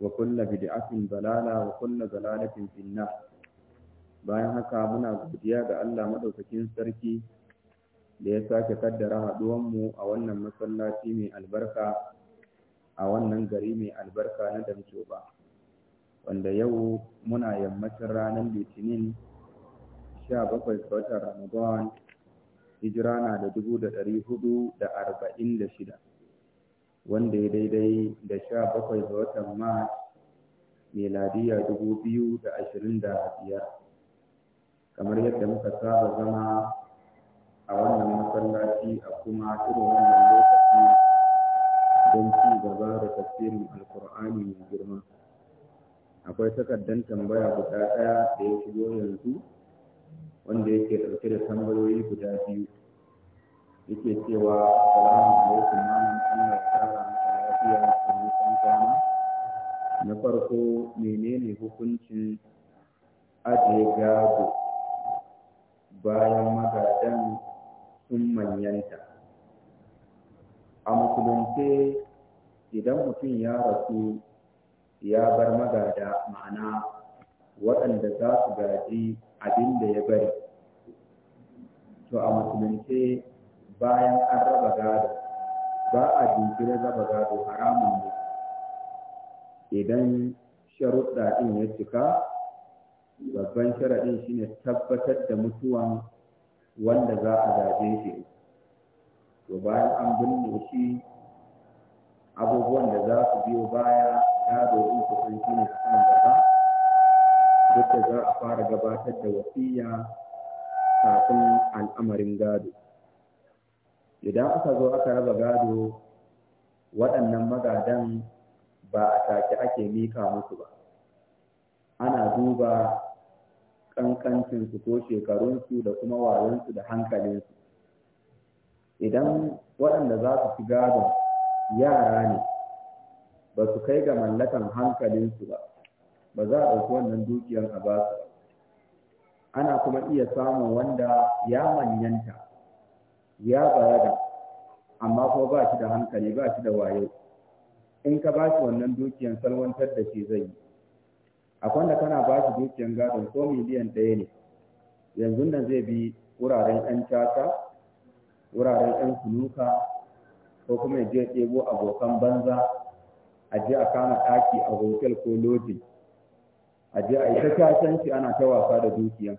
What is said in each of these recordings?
وكل بدعة ضلالة وكل ضلالة في النار bayan haka muna godiya ga Allah madaukakin sarki da ya sake kaddara haɗuwanmu a wannan masallaci mai albarka a wannan gari mai albarka na Damcoba wanda yau muna yammacin ranar Litinin 17 ga watan Ramadan hijira na da 446 wanda ya daidai da sha bakwai ga watan mars meladiya dubu biyu da ashirin da biyar kamar yadda muka saba zama a wannan masallaci a kuma irin wannan lokaci don ci gaba da tafsirin alkur'ani mai girma akwai takardan tambaya guda ɗaya da ya shigo yanzu wanda yake ɗauke da tambayoyi guda biyu yake cewa salamu alaikum malam Allah lafiya abokan kama na farko menene hukuncin ajiye gado bayan magadan sun manyanta a musulunce idan mutum ya rasu ya bar magada ma'ana waɗanda za su gaji abin da ya bari to a musulunce bayan an raba gado ba a jinkirin zaba gado haramun ne idan sharuɗa ɗin ya cika babban sharaɗin shine tabbatar da mutuwan wanda za a gaje shi to bayan an binne shi abubuwan da za su biyo baya gado in kusan shi a kan gaba duk da za a fara gabatar da wasiya kafin al'amarin gado idan aka zo aka raba gado waɗannan magadan ba a take ake mika musu ba ana duba ƙanƙancinsu ko shekarunsu da kuma wayansu da hankalinsu idan waɗanda za su fi gadon yara ne ba su kai ga mallakan hankalinsu ba ba za a ɗauki wannan dukiyar a ba su ana kuma iya samun wanda ya manyanta ya bayada amma kuma ba shi da hankali ba shi da wayo in ka ba shi wannan dukiyan salwantar da shi zai yi akwai da kana ba shi dukiyan gadon ko miliyan ɗaya ne yanzu nan zai bi wuraren 'yan caca wuraren 'yan sunuka ko kuma ya je ɗebo abokan banza a je a kama ɗaki a hotel ko lodin a je a yi ta cacanci ana ta wasa da dukiyan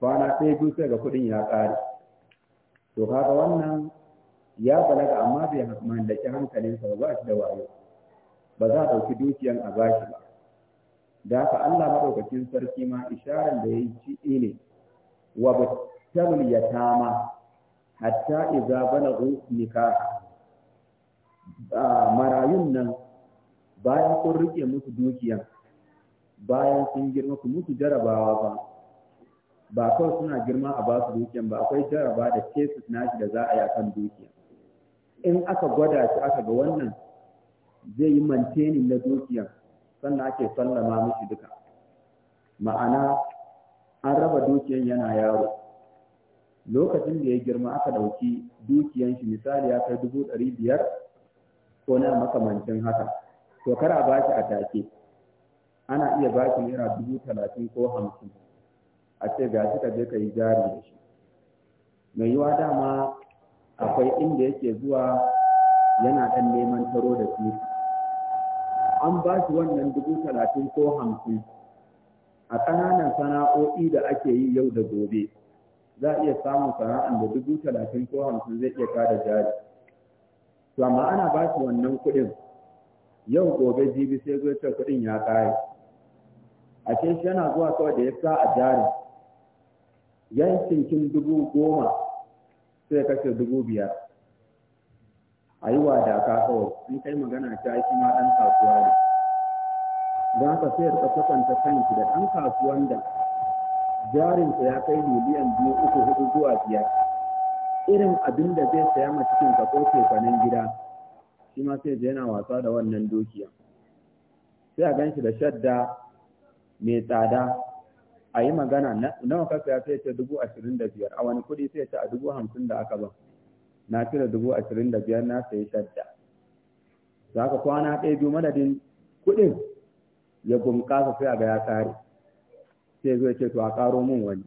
kwana ɗaya biyu sai ga kuɗin ya ƙare to kaga wannan ya balaga amma bai mallaki hankalinsa ba ba shi da wayo ba za a ɗauki dukiyan a bashi ba da haka Allah maɗaukakin sarki ma isharar da ya yi ci ne wa batabul yatama hatta idza balagu nikah marayun nan bayan kun rike musu dukiyan bayan sun girma ku musu jarabawa ba ba kawai suna girma a basu dukiyan ba akwai jaraba da na nashi da za a yi akan dukiya in aka gwada shi aka ga wannan zai yi mantenin na dukiyan sannan ake sallama mishi duka ma'ana an raba dukiyan yana yaro lokacin da ya girma aka ɗauki dukiyan shi misali ya kai dubu ɗari biyar ko na makamancin haka to kar a bashi a take ana iya bashi naira dubu talatin ko hamsin a ce ga shi ka je ka yi jari da shi mai yiwa dama akwai inda yake zuwa yana ɗan neman taro da su an ba shi wannan dubu talatin ko hamsin a ƙananan sana'o'i da ake yi yau da gobe za a iya samun sana'an da dubu talatin ko hamsin zai iya kada jari to amma ana ba shi wannan kuɗin yau gobe jibi sai zai ce kuɗin ya ƙare a shi yana zuwa kawai da ya sa a jari yankin kin dubu goma sai kashe dubu biyar a yi wa ka kawai in kai magana ta shi ma ɗan kasuwa ne don haka sai ka kwatanta kanki da ɗan kasuwan da jarinsa ya kai miliyan biyu uku hudu zuwa biyar irin abin da zai saya ma cikin ka ko kefanin gida shi ma sai yana wasa da wannan dukiya sai a ganshi da shadda mai tsada a yi magana nawa ka sai ce dubu ashirin da biyar a wani kuɗi sai ce a dubu hamsin da aka ban na cire dubu ashirin da biyar na sayi shadda za ka kwana ɗaya biyu madadin kuɗin ya bunƙasa sai a ga ya kare sai zo ce to a ƙaro min wani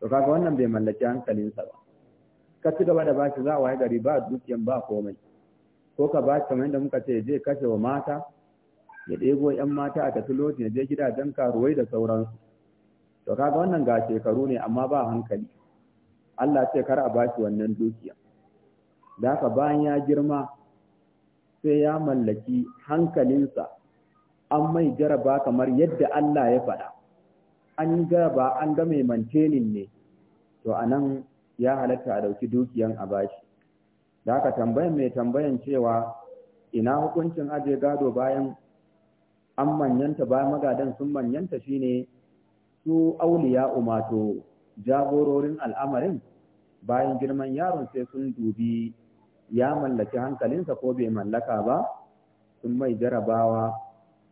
to kaga wannan bai mallaki hankalinsa ba ka ci gaba da bashi za a waye gari ba dukiyan ba komai ko ka ba kamar yadda muka ce je kashe wa mata ya ɗebo 'yan mata a tafi loti ya je gidajen karuwai da sauransu to kaga wannan ga shekaru ne amma ba hankali Allah ce kar a bashi wannan dukiya da haka bayan ya girma sai ya mallaki hankalinsa an mai jaraba kamar yadda Allah ya faɗa an yi jaraba an ga mai mantenin ne to anan ya halatta a ɗauki dukiyan a bashi da haka tambayan mai tambayan cewa ina hukuncin aje gado bayan an manyanta bayan magadan sun manyanta shine su auliya umato jagororin al'amarin bayan girman yaron sai sun dubi ya mallaki hankalinsa ko bai mallaka ba sun mai jarabawa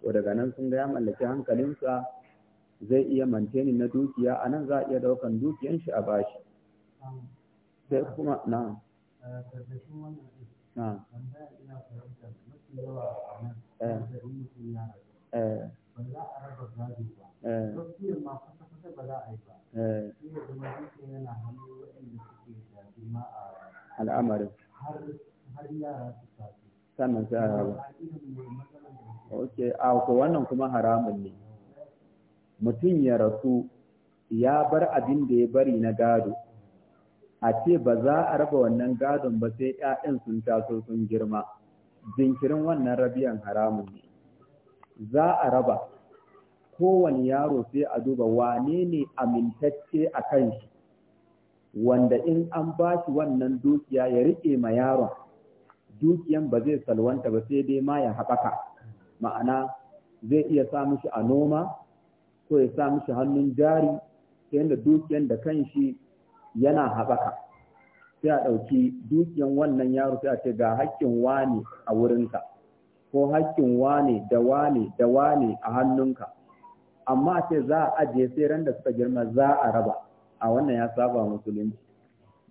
to daga nan sun ga ya mallaki hankalinsa zai iya manteni na dukiya a nan za a iya daukan dukiyan shi a bashi sai kuma na ba za a raba wannan kuma haramun ne mutum ya rasu ya bar abin da ya bari na gado a ce ba za a raba wannan gadon ba sai 'ya'yan sun taso sun girma jinkirin wannan rabiyan haramun ne za a raba kowane yaro sai a duba wane ne amintacce a kanshi. wanda in an ba shi wannan dukiya ya riƙe ma yaron dukiyan ba zai salwanta ba sai dai ma ya haɓaka ma'ana zai iya sa mishi a noma ko ya sa mishi hannun jari ta yadda dukiyan da kanshi yana haɓaka sai a ɗauki dukiyan wannan yaro sai a ce ga hakkin wane a wurinka ko hakkin wane da wane da wane a hannunka amma a ce za a ajiye sai ran da suka girma za a raba a wannan ya saba musulunci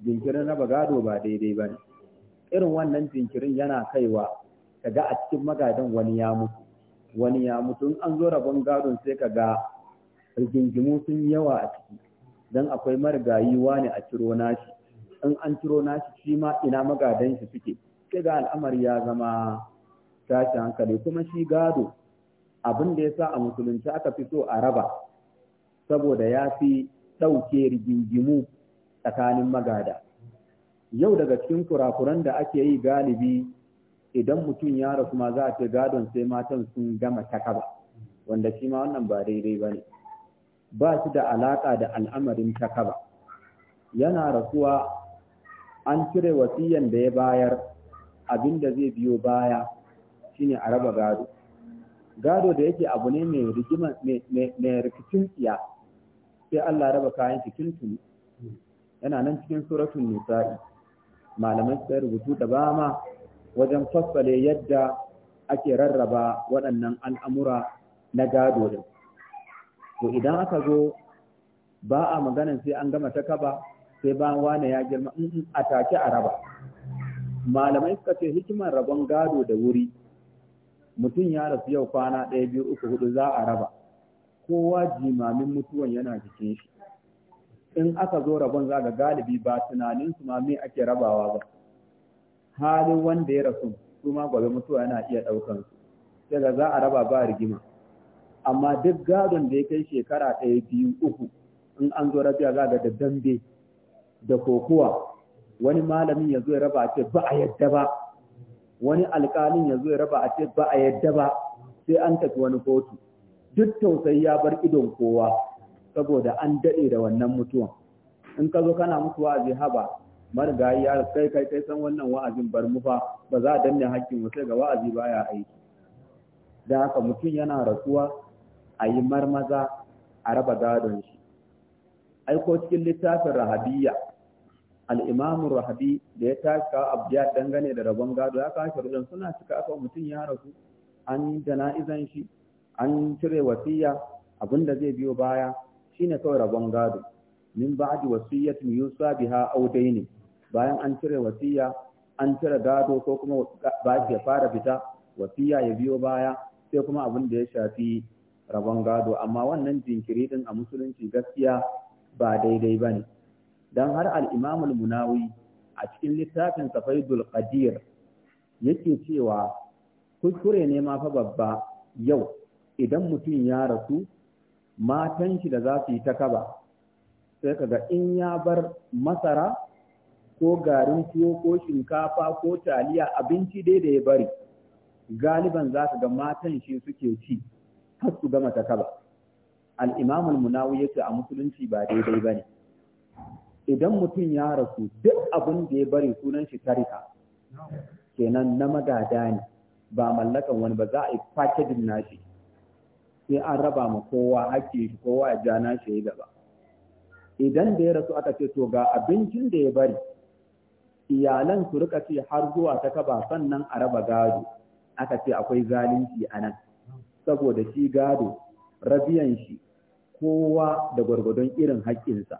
jinkirin raba gado ba daidai ba ne irin wannan jinkirin yana kaiwa kaga a cikin magadan wani ya mutu wani ya mutu an zo rabon gadon sai ka kaga rigingimu sun yawa a ciki dan akwai marigayi wani a ciro nashi in an ciro nashi shi ma ina magadan shi suke sai ga al'amari ya zama tashi hankali kuma shi gado abin da ya sa a musulunci aka fi so a raba saboda ya fi ɗauke rigingimu tsakanin magada yau daga cikin kurakuran da ake yi galibi idan mutum ya rasu ma za a ce gadon sai matan sun gama takaba wanda shi ma wannan ba daidai ba ne ba shi da alaƙa da al'amarin takaba yana rasuwa an cire wasiyan da ya bayar abin da zai biyo baya shine a raba gado gado da yake abu ne mai rigima mai rikicin tsiya sai Allah raba kayan cikin tuni yana nan cikin suratul nisa'i malamai sai rubutu da ba ma wajen fassale yadda ake rarraba waɗannan al'amura na gado din to idan aka zo ba a maganan sai an gama ta kaba sai ba wane ya girma in a take a raba malamai suka ce hikimar rabon gado da wuri mutum ya rasu yau kwana ɗaya biyu uku hudu za a raba kowa jimamin mutuwan yana jikin shi in aka zo rabon za ga galibi ba tunanin su ma me ake rabawa ba halin wanda ya rasu su ma gobe mutuwa yana iya ɗaukan su sai ga za a raba ba rigima amma duk gadon da ya kai shekara ɗaya biyu uku in an zo rabiya za ga da dambe da kokuwa, wani malamin ya zo ya raba ce ba a yadda ba wani alƙalin ya zo ya raba a ce ba a yadda ba sai an tafi wani kotu duk tausayi ya bar idon kowa saboda an daɗe da wannan mutuwan in ka zo kana musu wa'azi haba marigayi ya kai kai kai san wannan wa'azin bar mu fa ba za a danne hakkin wasu ga wa'azi baya aiki da haka mutum yana rasuwa a yi marmaza a raba gadon shi aiko cikin littafin rahabiyya al-imam rahabi da ya taka abdiya dangane da rabon gado ya kawo sharuɗan suna cika aka mutum ya rasu an jana'izan shi an cire wasiya abin da zai biyo baya shine kawai rabon gado min ba'di wasiyatin yusa biha aw ne bayan an cire wasiya an cire gado ko kuma ba ya fara fita wasiya ya biyo baya sai kuma abin da ya shafi rabon gado amma wannan jinkiri din a musulunci gaskiya ba daidai bane dan har al-Imam al-Munawi a cikin littafin Safaidul Qadir yake cewa kuskure ne ma fa babba yau idan mutum ya rasu matan shi da za su yi ta kaba sai kaga in ya bar masara ko garin tuwo ko shinkafa ko taliya abinci dai da ya bari galiban za ka ga matan shi suke ci har su gama ta kaba al-imam al-munawi yace a musulunci ba daidai bane idan mutum ya rasu duk abin da ya bari sunan shi tarika kenan na magada ne ba mallakan wani ba za a yi packaging nashi sai an raba ma kowa hakki shi kowa ya ja shi ya gaba idan da ya rasu aka ce to ga abincin da ya bari iyalan su rika ce har zuwa ta kaba sannan a raba gado aka ce akwai zalunci a nan saboda shi gado rabiyan shi kowa da gwargwadon irin haƙƙinsa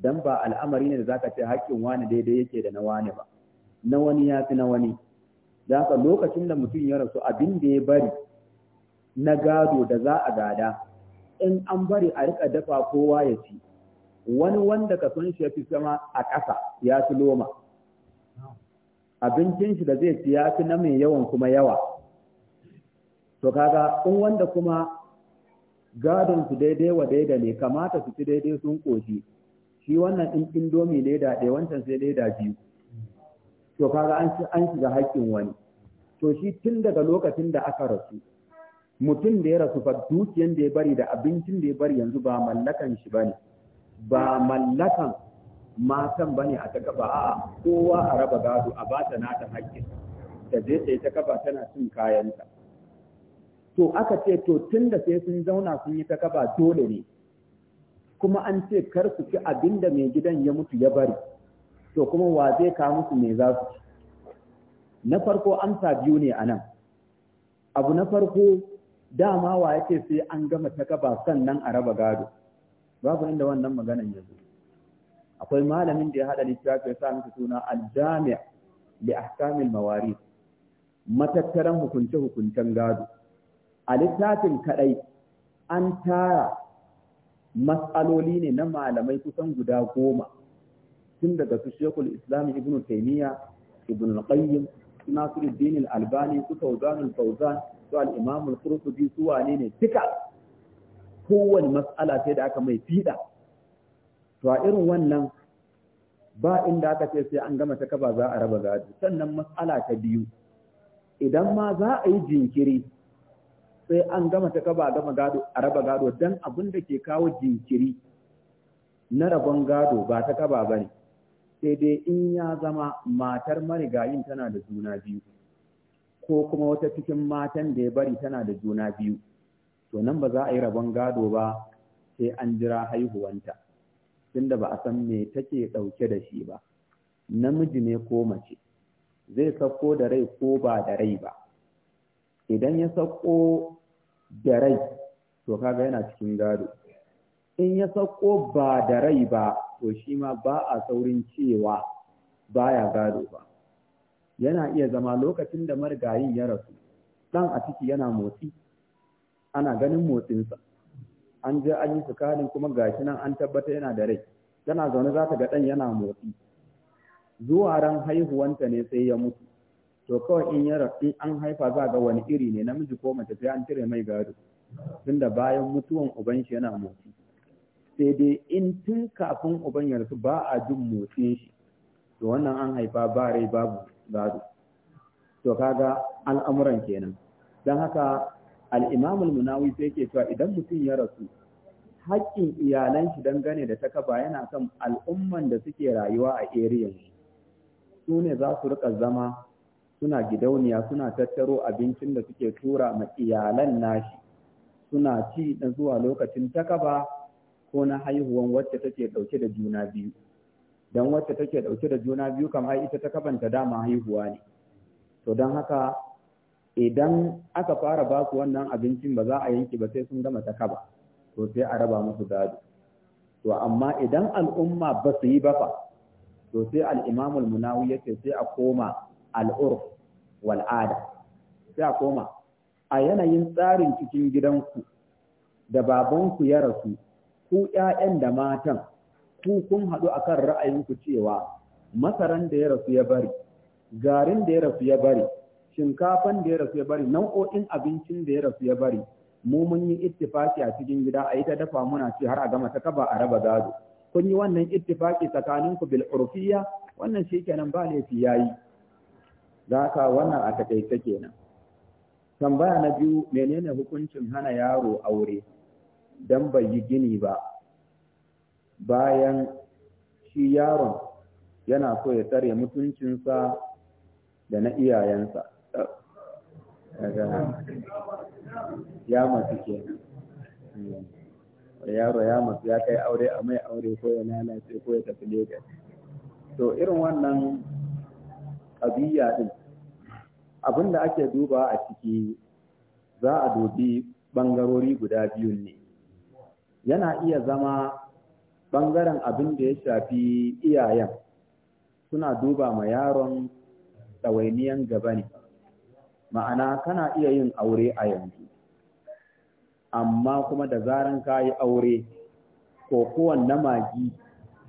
dan ba al'amari ne da zaka ce haƙƙin wani daidai yake da na wani ba na wani ya fi na wani da ka lokacin da mutum ya rasu abin da ya bari na gado da za a gada in an bari a rika dafa kowa ya ci wani wanda ka son shi ya fi sama a ƙasa ya fi loma abincin shi da zai ci ya fi na mai yawan kuma yawa to kaga in wanda kuma gadon su daidai wa daidai ne kamata su ci daidai sun koshi shi wannan in indomi leda ɗaya wancan sai da biyu to kaga an shiga haƙƙin wani to shi tun daga lokacin da aka rasu mutum da ya rasu fa dukiyan da ya bari da abincin da ya bari yanzu ba mallakan shi bane ba mallakan matan bane a ta kafa a'a kowa a raba gado a bata nata haƙƙin ta je tsaye ta kafa tana cin kayanta to aka ce to tun da sai sun zauna sun yi ta kafa dole ne kuma an ce kar su ci abin da mai gidan ya mutu ya bari to kuma wa zai ka musu me za su ci na farko amsa biyu ne a nan abu na farko dama wa yake sai an gama ta gaba sannan a raba gado babu inda wannan maganan ya zo akwai malamin da ya hada littafi ya sa masa suna al-jami' li ahkamil mawarith matattaran hukunce hukuncen gado a littafin kadai an tara Matsaloli ne na malamai kusan guda goma tun daga su shekul islam ibn taymiya ibn qayyim nasiruddin al-albani su fawzan al-fawzan su al-imam al-qurtubi su wane ne duka kowane mas'ala sai da aka mai fiɗa? to a irin wannan ba inda aka ce sai an gama ta kaba za a raba gado sannan matsala ta biyu idan ma za a yi jinkiri sai an gama ta kaba gama gado a raba gado dan abin da ke kawo jinkiri na rabon gado ba ta kaba ba ne sai dai in ya zama matar marigayin tana da juna biyu ko kuma wata cikin matan da ya bari tana da juna biyu to nan ba za a yi rabon gado ba sai an jira haihuwanta tunda ba a san me take ɗauke da shi ba namiji ne ko mace zai sauko da rai ko ba da rai ba idan ya sauko da rai to kaga yana cikin gado in ya sauko ba da rai ba to shi ma ba a saurin cewa baya gado ba yana iya zama lokacin da marigayin ya rasu dan a ciki yana motsi ana ganin motsinsa an je an yi sukarin kuma gashi nan an tabbata yana da rai tana zaune za ta ga ɗan yana motsi zuwa ran haihuwanta ne sai ya mutu to kawai in ya in an haifa za ga wani iri ne namiji ko mace sai an cire mai gado tunda bayan mutuwan uban shi yana motsi sai dai in tun kafin uban ya rasu ba a jin motsin shi to wannan an haifa ba rai babu gado to kaga al'amuran kenan don haka al-imam al-munawi sai yake cewa idan mutum ya rasu haƙƙin iyalan shi dangane da takaba yana kan al'umman da suke rayuwa a eriyan shi. su ne za su rika zama suna gidauniya suna tattaro abincin da suke tura ma iyalan nashi suna ci na zuwa lokacin takaba ko na haihuwan wacce take dauke da juna biyu don wacce take dauke da juna biyu kamar ita takabanta kabanta dama haihuwa ne to don haka idan aka fara ba ku wannan abincin ba za a yanki ba sai sun gama takaba to sai a raba musu gado to amma idan al'umma ba su yi ba fa to sai al-imamul munawi yace sai a koma al'urf wal'ada sai a koma a yanayin tsarin cikin gidanku da babanku ya rasu ku 'ya'yan da matan ku kun haɗu akan ra'ayinku cewa masaran da ya rasu ya bari garin da ya rasu ya bari shinkafan da ya rasu ya bari nau'o'in abincin da ya rasu ya bari mu mun yi ittifaki a cikin gida a yi ta dafa muna ce har a gama ta kaba a raba gado kun yi wannan ittifaki tsakanin ku bil urfiya wannan shikenan ba laifi yayi Zaka ka wannan a takaice kenan. Tambaya na biyu menene hukuncin hana yaro aure don bai yi gini ba bayan shi yaron yana so ya tsare mutuncinsa da na iyayensa. ya masu yaro ya ya kai aure a mai aure ko ya lalace ko ya tafi Legas. To irin wannan ƙabiya din abin da ake duba a ciki za a dubi ɓangarori guda biyun ne yana iya zama ɓangaren abin da ya shafi iyayen suna duba ma yaron ɗawainiyan gaba ne ma'ana kana iya yin aure a yanzu amma kuma da zaran ka yi aure ko na magi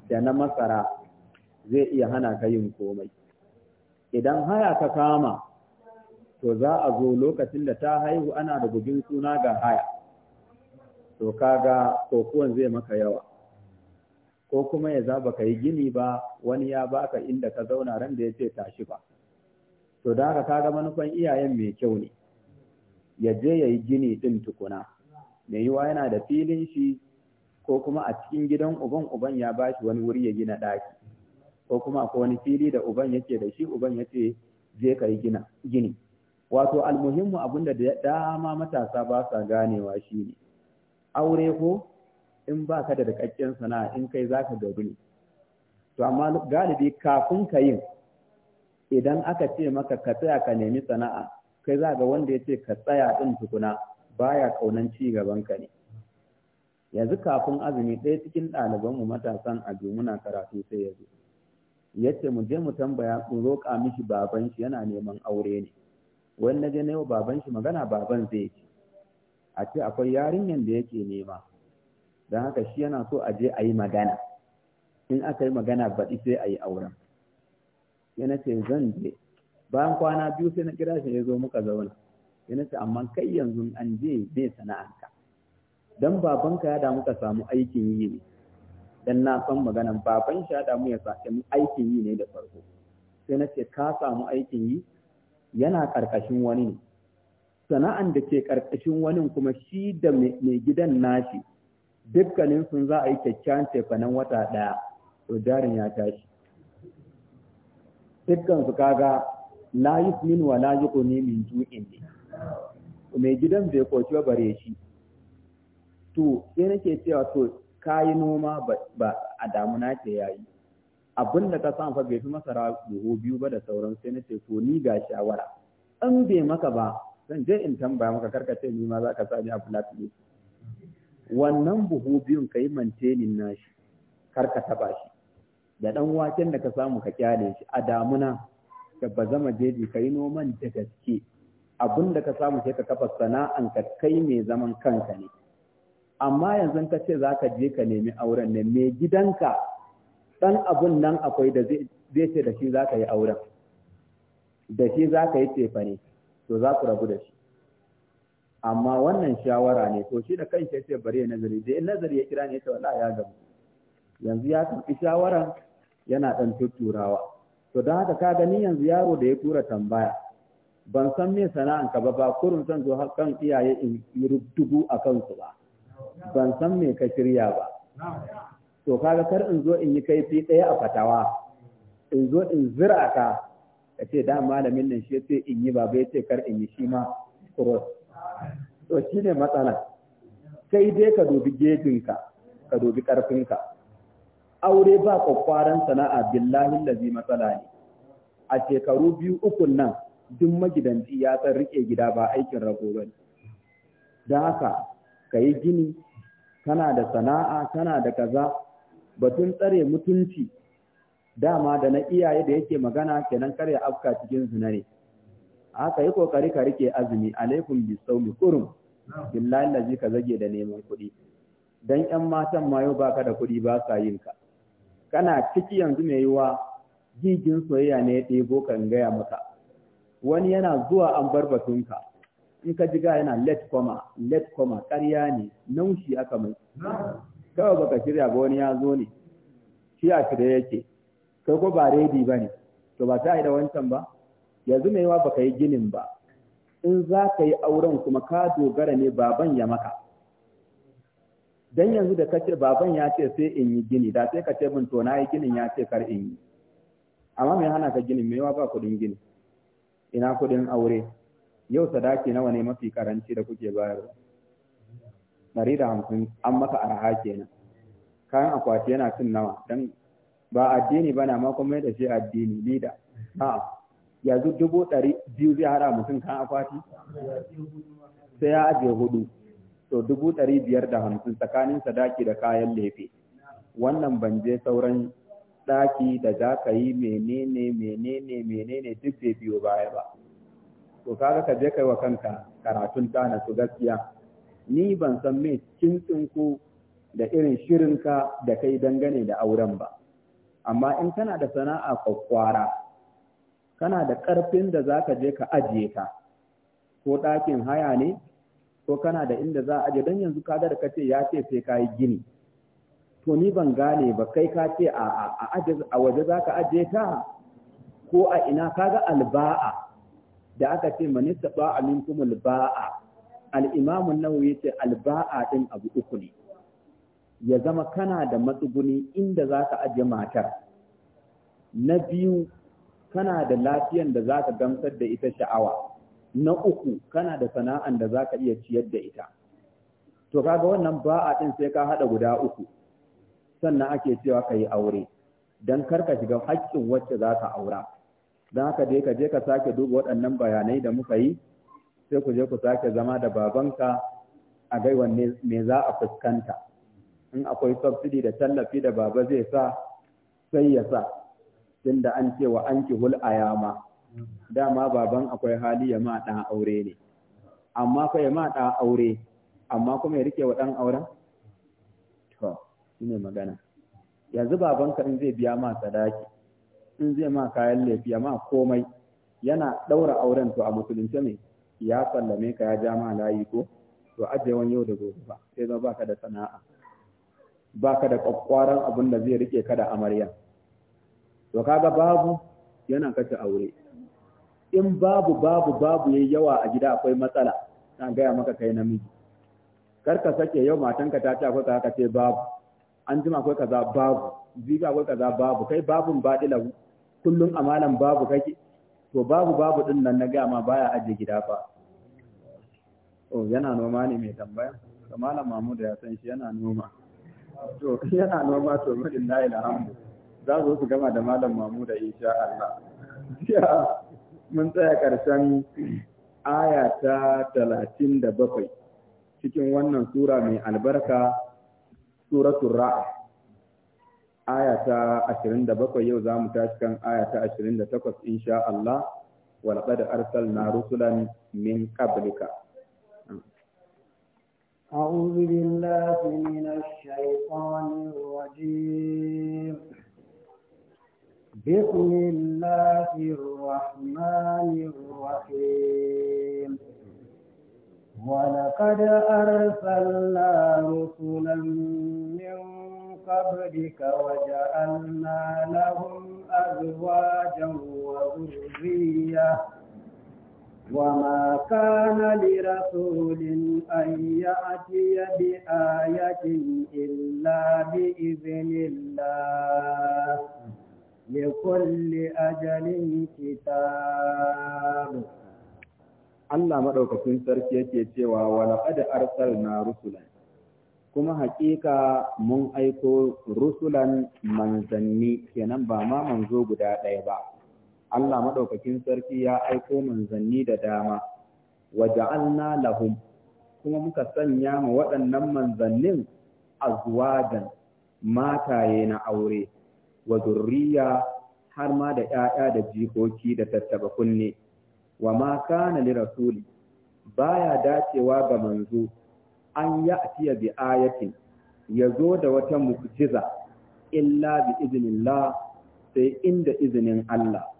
da na masara zai iya hana ka yin komai idan haya ka kama to za a zo lokacin da ta haihu ana da bugin suna ga haya to kaga kokuwan zai maka yawa ko kuma ya za baka yi gini ba wani ya baka inda ka zauna ran da ya ce tashi ba to da haka kaga manufan iyayen mai kyau ne ya je ya yi gini din tukuna mai yiwa yana da filin shi ko kuma a cikin gidan uban uban ya bashi wani wuri ya gina ɗaki ko kuma akwai wani fili da uban yake da shi uban ya ce je ka yi gini wato almuhimmu abinda da dama matasa ba sa ganewa shine aure ko in ba ka da rikakken sana'a in kai za ka gabu ne to amma galibi kafin ka yin idan aka ce maka ka tsaya ka nemi sana'a kai za ga wanda ya ce ka tsaya din tukuna baya kaunan ci gaban ka ne yanzu kafin azumi ɗaya cikin ɗalibanmu matasan a muna karatu sai ya zo ya ce mu je mu tambaya mu roƙa mishi baban shi yana neman aure ne wani na je na yau baban shi magana baban zai ci a ce akwai yarinyar da yake nema don haka shi yana so a je a yi magana in aka yi magana baɗi sai a yi auren sai ce zan je bayan kwana biyu sai na kira shi ya zo muka zauna sai ce amma kai yanzu an je zai sana'anka dan babanka ya damu ka samu aikin yi ne dan na san maganan baban shi ya damu ya samu aikin yi ne da farko sai na ce ka samu aikin yi yana ƙarƙashin wani ne sana'an da ke ƙarƙashin wani kuma shi da mai gidan nashi dukkanin sun za a yi kyakkyawan tefanen wata ɗaya to jarin ya tashi dukkan su kaga la min wa la yuqni min ju'in ne mai gidan bai koci ba bare shi to sai nake cewa to kayi noma ba a damuna ke yayi abin da ka san fa bai fi masara buhu biyu ba da sauran sai nace ko ni ga shawara in bai maka ba zan je in tambaya maka karka ce ni ma za ka sani a flatulence wannan buhu biyun ka yi mantenin nashi karka taba shi da ɗan waken da ka samu ka kyale shi a damuna da ba zama jeji ka yi noman da gaske abin da ka samu sai ka kafa sana'an ka kai mai zaman kanka ne amma yanzu ka ce za ka je ka nemi auren ne mai gidanka ɗan abun nan akwai da zai ce da shi za ka yi auren da shi za ka yi cefane to za ku rabu da shi amma wannan shawara ne to shi da kan shi ce bari ya nazari da nazari ya kira ne ta wala ya gamu yanzu ya tafi shawara yana ɗan tutturawa to don haka ka gani yanzu yaro da ya tura tambaya ban san me sana'anka ba ba kurun san zo kan iyaye in yi rubutu a kansu ba ban san me ka shirya ba to kaga kar in zo in yi kaifi ɗaya a fatawa in zo in zira ka ka ce da malamin nan shi sai in yi ba bai ce kar in yi shi ma cross to shi ne matsala kai dai ka dubi gejinka ka dubi ƙarfinka aure ba kwakwaran sana'a billahi lazi matsala ne a shekaru biyu uku nan duk magidanci ya san rike gida ba aikin rago ba ne don haka ka yi gini kana da sana'a kana da kaza batun tsare mutunci dama da na iyaye da yake magana kenan kar afka cikin zina ne haka yi kokari ka rike azumi alaikum bi sawmi kurum billahi allazi ka zage da neman kuɗi dan ƴan matan ma yau baka da kuɗi ba sa yin ka kana ciki yanzu mai yiwa gigin soyayya ne ya ɗebo kan gaya maka wani yana zuwa an bar batunka in ka jiga yana let koma let koma ƙarya ne naushi aka mai kawai baka shirya ba wani ya zo ne shi a shirya yake kai ko ba redi ba ne to ba ta yi da wancan ba yanzu mai yawa baka yi ginin ba in za ka yi auren kuma ka dogara ne baban ya maka dan yanzu da kace baban ya ce sai in yi gini da sai ka ce min to na yi ginin ya ce kar in yi amma mai hana ka ginin mai yawa ba kudin gini ina kudin aure yau sadaki nawa ne mafi karanci da kuke bayarwa ɗari da hamsin an maka arha kenan kayan akwati yana cin nawa don ba addini ba na ma kuma da shi addini lida a yanzu dubu ɗari biyu zai hada mutum kan akwati sai ya ajiye hudu to dubu ɗari biyar da hamsin tsakanin sadaki da kayan lefe wannan ban je sauran ɗaki da za ka yi menene menene menene duk bai biyo baya ba to kaga ka je kai wa kanka karatun tana su gaskiya ni ban san me cikin tsinko da irin shirinka da kai dangane da auren ba amma in kana da sana'a kwakwara kana da ƙarfin da za ka je ka ajiye ta ko ɗakin haya ne ko kana da inda za a ajiye don yanzu ka da kace ya ce sai ka yi gini to ni ban gane ba kai ka ce a waje za ka ajiye ta ko a ina ka ga alba'a da aka ce manista ba aminkum alba'a al'imamun nawawi ya ce alba'a ɗin abu uku ne ya zama kana da matsuguni inda za ka ajiye matar na biyu kana da lafiyan da za ka gamsar da ita sha'awa na uku kana da sana'an da za ka iya ciyar da ita to kaga wannan ba'a ɗin sai ka haɗa guda uku sannan ake cewa ka yi aure don kar ka shiga haƙƙin wacce za ka aura don haka dai ka je ka sake duba waɗannan bayanai da muka yi sai ku je ku sake zama da babanka a gai wanne me za a fuskanta in akwai subsidy da tallafi da baba zai sa sai ya sa tunda an ce wa an hul ayama dama baban akwai hali ya ma ɗan aure ne amma fa ya ma ɗan aure amma kuma ya rike wa ɗan auren to shine magana yanzu babanka in zai biya ma sadaki in zai ma kayan lafiya ma komai yana ɗaura auren to a musulunce ne ya sallame ka ya ja ma layi ko to ajiye wani yau da gobe ba sai zama baka da sana'a baka da kwakwaran abin da zai rike ka da amarya to kaga babu yana kace aure in babu babu babu yayi yawa a gida akwai matsala na gaya maka kai namiji kar ka sake yau matanka ta ce akwai kaza ce babu an jima akwai kaza babu jiga akwai kaza babu kai babun baɗila kullum amalan babu kake to babu babu din nan na gaya ma baya aje gida fa oh yana noma ne mai tambaya da malam Mahmud ya san shi yana noma to yana noma to gudun ila hamdu za su su gama da malam Mahmud da insha Allah mun tsaya karshen aya ta 37 cikin wannan sura mai albarka suratul ra'd aya ta 27 yau za mu tashi kan aya ta 28 insha Allah walqad arsalna rusulan min qablika أعوذ بالله من الشيطان الرجيم بسم الله الرحمن الرحيم ولقد أرسلنا رسلا من قبلك وجعلنا لهم أزواجا وذرية وما كان لرسول أن يأتي بآية إلا بإذن الله لكل أجل كتاب Allah maɗaukakin sarki yake cewa walaƙad arsalna rusulan kuma haƙiƙa mun aiko rusulan manzanni kenan ba ma manzo guda ɗaya ba Allah madaukakin sarki ya aiko manzanni da dama wa ja'alna lahum kuma muka sanya ma waɗannan manzannin azwajan mataye na aure wa zurriya har ma da 'ya'ya da jikoki da tattaba kunne wa ma kana li rasuli baya dacewa ga manzo an ya'tiya bi ayatin zo da wata mu'jiza illa bi iznillah sai inda izinin Allah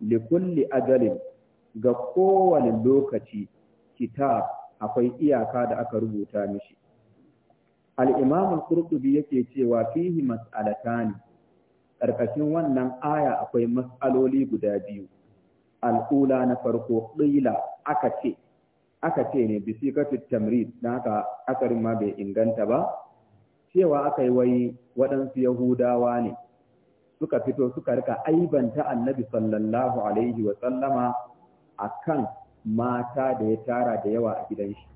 likulli ajalin ga kowane lokaci kitab akwai iyaka da aka rubuta mishi al-imam yake cewa fihi ne. karkashin wannan aya akwai mas'aloli guda biyu al'ula na farko qila aka ce aka ce ne bisikatu tamrid dan aka akarin ma bai inganta ba cewa aka yi wai waɗansu yahudawa ne suka fito suka rika aibanta annabi sallallahu alaihi wa sallama akan mata da ya tara da yawa a gidan shi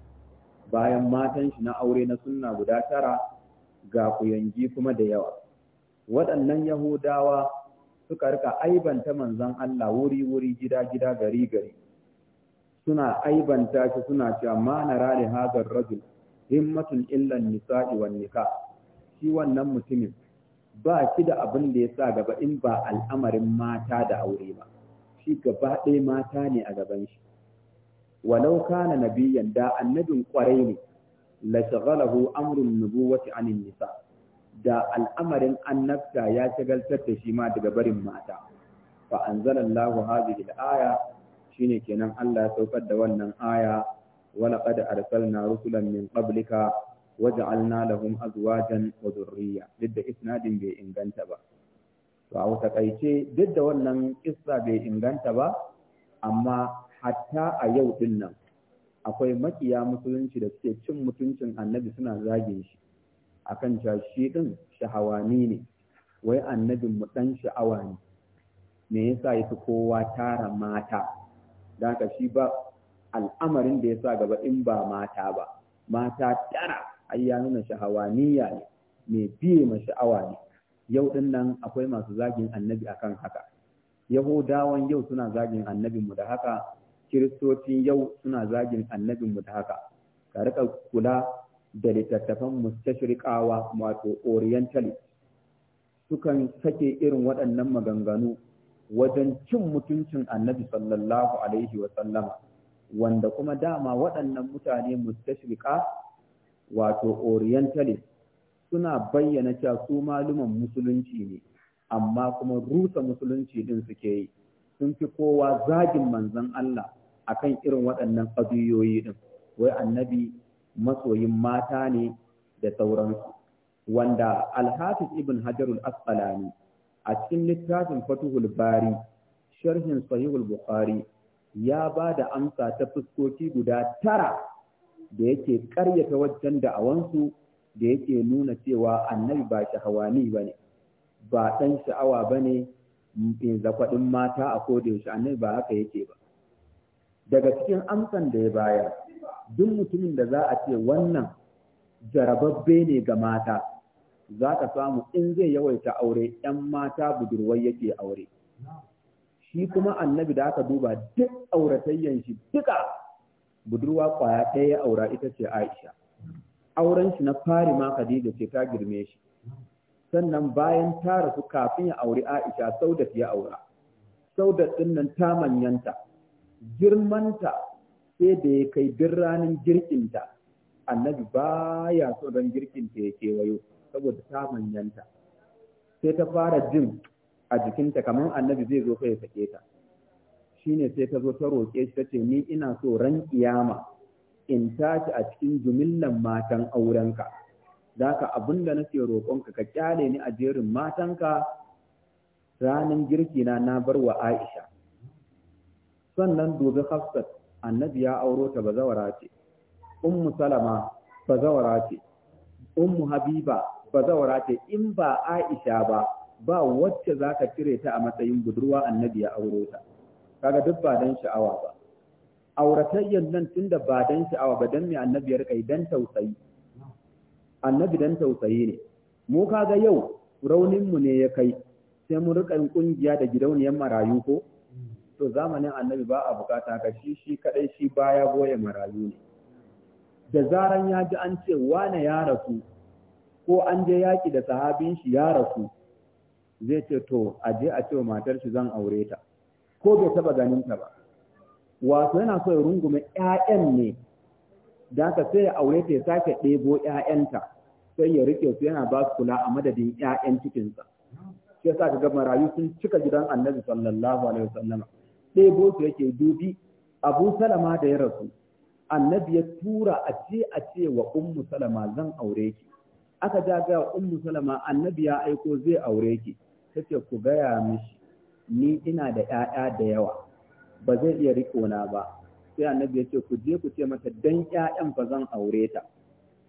bayan matan shi na aure na sunna guda tara ga kuyangi kuma da yawa waɗannan yahudawa suka rika aibanta manzon Allah wuri wuri gida gida gari gari suna aibanta shi suna cewa ma na rali hadar rajul himmatun illan nisa'i wan nikah shi wannan mutumin ba shi da abin da ya sa gaba in ba al'amarin mata da aure ba shi gaba ɗaya mata ne a gaban shi walau kana nabiyan da annabin kwarai ne la shagalahu amrun nubuwati anin nisa da al'amarin annabta ya shagaltar da shi ma daga barin mata fa anzalallahu hadhihi al-aya shine kenan Allah ya saukar da wannan aya wa laqad na rusulan min qablika waja'alna lahum azwajan wa dhurriyya duk da isnadin bai inganta ba to a takaice duk da wannan kissa bai inganta ba amma hatta a yau din nan akwai makiya musulunci da suke cin mutuncin annabi suna zagin shi akan cewa shi din shahawani ne wai annabin mu dan sha'awa ne me yasa yafi kowa tara mata dan ka shi ba al'amarin da yasa gaba in ba mata ba mata tara ai ya nuna shahawaniya ne mai biye ma sha'awa ne yau din nan akwai masu zagin annabi akan haka yahudawan yau suna zagin annabin mu da haka kiristocin yau suna zagin annabin mu da haka ka rika kula da littattafan mustashriqawa wato orientalist sukan sake irin waɗannan maganganu wajen cin mutuncin annabi sallallahu alaihi wa sallama wanda kuma dama waɗannan mutane mustashriqa wato orientalist suna bayyana cewa su maluman musulunci ne amma kuma rusa musulunci din suke yi sun fi kowa zagin manzon Allah akan irin waɗannan ƙabiyoyi din wai annabi masoyin mata ne da sauransu wanda alhafiz ibn hajarul asqalani a cikin littafin fatuhul bari sharhin sahihul bukhari ya ba da amsa ta fuskoki guda tara da yake ƙaryata waccan da'awansu da yake nuna cewa annabi ba shahawani ba ne ba ɗan sha'awa ba ne zakwaɗin mata a kodayaushe annabi ba haka yake ba daga cikin amsan da ya bayar duk mutumin da za a ce wannan jarababbe ne ga mata za ka samu in zai yawaita aure ‘yan mata budurwai yake aure shi kuma annabi da aka duba duk auratayyan shi duka budurwa kwaya ɗaya ya aura ita ce Aisha auren shi na fari ma Khadija ce ta girme shi sannan bayan ta rasu kafin ya auri Aisha Saudat ya aura Saudat nan ta manyanta girmanta sai da ya kai bin ranar girkinta annabi ba ya so ran girkinta ya kewayo saboda ta manyanta sai ta fara jin a jikinta kamar annabi zai zo kai ya sake ta shine sai ta zo ta roƙe shi tace ni ina so ran kiyama in tashi a cikin jumillan matan aurenka daka abinda nake roƙonka ka kyale ni a jerin matanka ranan girki na na bar wa Aisha sannan dubi Hafsat annabi ya auro ta bazawara ce ummu Salama bazawara ce ummu Habiba bazawara ce in ba Aisha ba ba wacce zaka cire ta a matsayin budurwa annabi ya auro ta kaga duk ba dan sha'awa ba auratayyan nan tunda ba dan sha'awa ba dan me annabi ya rika dan tausayi annabi dan tausayi ne mu kaga yau raunin mu ne ya kai sai mu rika yin kungiya da gidauniyar marayu ko to zamanin annabi ba a bukata ka shi shi kadai shi baya goye marayu ne da zaran ya ji an ce wane ya rasu ko an je yaki da sahabin shi ya rasu zai ce to a je a ce matar shi zan aure ta ko bai taba ganin ta ba wato yana so ya rungume ƴaƴan ne da haka sai ya aure ta ya sake ɗebo ƴaƴanta sai ya rike su yana ba su kula a madadin ƴaƴan cikinsa shi yasa ga marayu sun cika gidan annabi sallallahu alaihi wasallama ɗebo su yake dubi abu salama da ya rasu annabi ya tura a ce a ce wa ummu salama zan aure ki aka ja ga ummu salama annabi ya aiko zai aure ki tace ku gaya mishi ni ina da ‘ya'ya da yawa, ba zai iya na ba, sai annabi ya ce, ku je ku ce mata dan ‘ya'yan ba zan aure ta,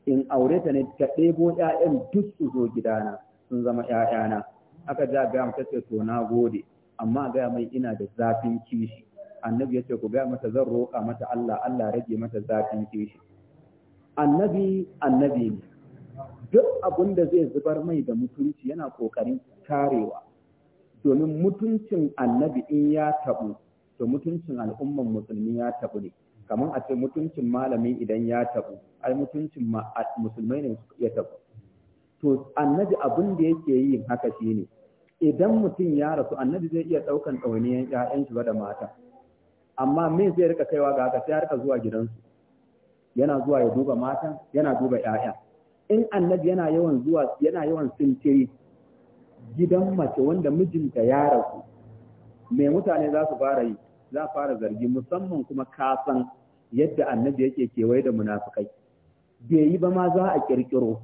in aure ta ne ta ɗebo ‘ya'yan duk su zo gidana sun zama ‘ya'yana, aka ja gaya mata ce to na gode, amma gaya mai ina da zafin kishi, annabi ya ce ku gaya mata zan roƙa mata Allah, Allah rage mata zafin kishi. Annabi, annabi ne, duk abin da zai zubar mai da mutunci yana ƙoƙarin karewa. domin mutuncin annabi in ya tabu to mutuncin al'umman musulmi ya tabu ne kamar a ce mutuncin malami idan ya tabu ai mutuncin musulmai ne ya tabu to annabi abin da yake yi haka shi ne. idan mutum ya rasu annabi zai iya daukan yan ƴaƴan shi da mata amma me zai rika kaiwa ga haka sai rika zuwa gidansu yana zuwa ya duba matan yana duba ƴaƴa in annabi yana yawan zuwa yana yawan sintiri gidan mace wanda mijinta ya rasu mai mutane za su fara yi za fara zargi musamman kuma kasan yadda annabi yake kewaye da munafukai bai yi ba ma za a kirkiro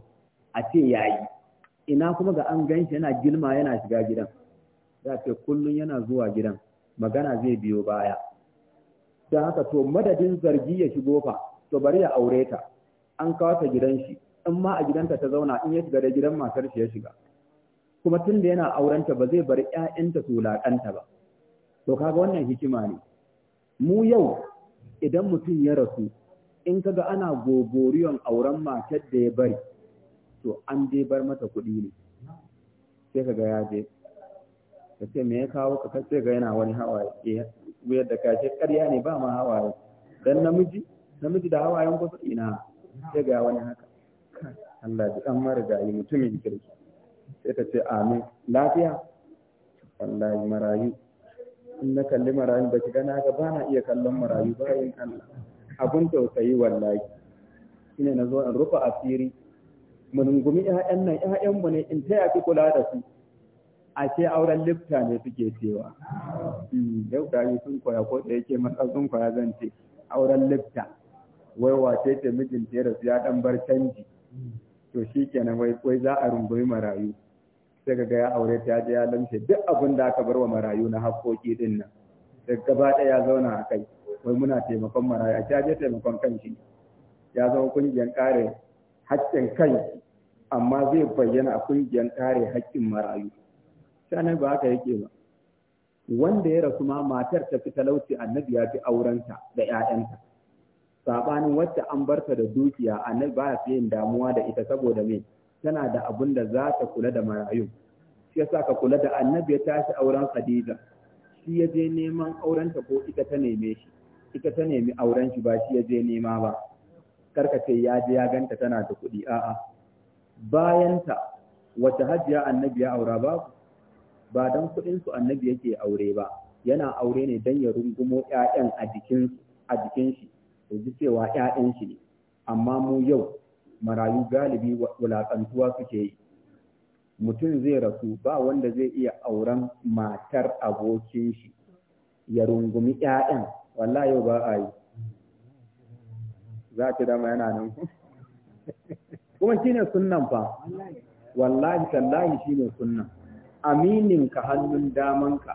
a ce yayi ina kuma ga an ganshi yana gilma yana shiga gidan za ce kullun yana zuwa gidan magana zai biyo baya don haka to madadin zargi ya shigo fa to bari ya aure ta an kawo ta gidan shi in ma a gidanta ta zauna in ya shiga da gidan matar shi ya shiga kuma tun da yana aurenta ba zai bar 'ya'yanta su wulaƙanta ba to kaga wannan hikima ne mu yau idan mutum ya rasu in kaga ana goboriyon auren matar da ya bari to an dai bar mata kuɗi ne sai kaga ya je ka ce me ya kawo ka sai ga yana wani hawaye eh wuyar da ka ce, ƙarya ne ba ma hawaye dan namiji namiji da hawayen kusa ina sai ga wani haka Allah ji an marigayi mutumin kirki sai ta ce amin lafiya wallahi marayu in na kalli marayu ba ki gana ga bana iya kallon marayu bayan Allah abun tausayi wallahi shine na zo in rufa asiri Mun gumi ƴaƴan nan ƴaƴan mu ne in taya ki kula da su ashe auren lifta ne suke cewa hmm, yau gari sun koya ko da yake sun koya zan ce auren lifta wai wace ce mijin ya rasu ya dan bar canji to shikenan wai wai za a rungumi marayu sai ga ya aure ta je ya lamshe duk abin da aka bar wa marayu na haƙoƙi din nan gaba ɗaya ya zauna a kai wai muna taimakon marayu a je taimakon kanshi ya zama ƙungiyar kare haƙƙin kai amma zai bayyana a kungiyar kare haƙƙin marayu Shanai ba haka yake ba wanda ya rasu ma matar ta fi talauci annabi ya fi aurenta da ‘ya'yanta. Saɓanin wacce an barta da dukiya annabi ba fiye damuwa da ita saboda mai tana da abun da za ta kula da marayu shi yasa ka kula da annabi ya tashi auren Khadija shi ya je neman aurenta ko ita ta neme shi ita ta nemi auren shi ba shi ya je nema ba karka ce ya je ya ganta tana da kuɗi a'a bayanta wace hajiya annabi ya aura babu ba don kuɗinsu annabi yake aure ba yana aure ne don ya rungumo ‘ya'yan a jikin shi ya ji cewa ‘ya'yan shi ne amma mu yau marayu galibi wulaƙantuwa suke yi mutum zai rasu ba wanda zai iya auren matar abokin shi ya rungumi ƴaƴan wallahi yau ba a yi za ki dama yana nan kuma shine sunnan fa wallahi tallahi shine sunnan aminin ka hannun daman ka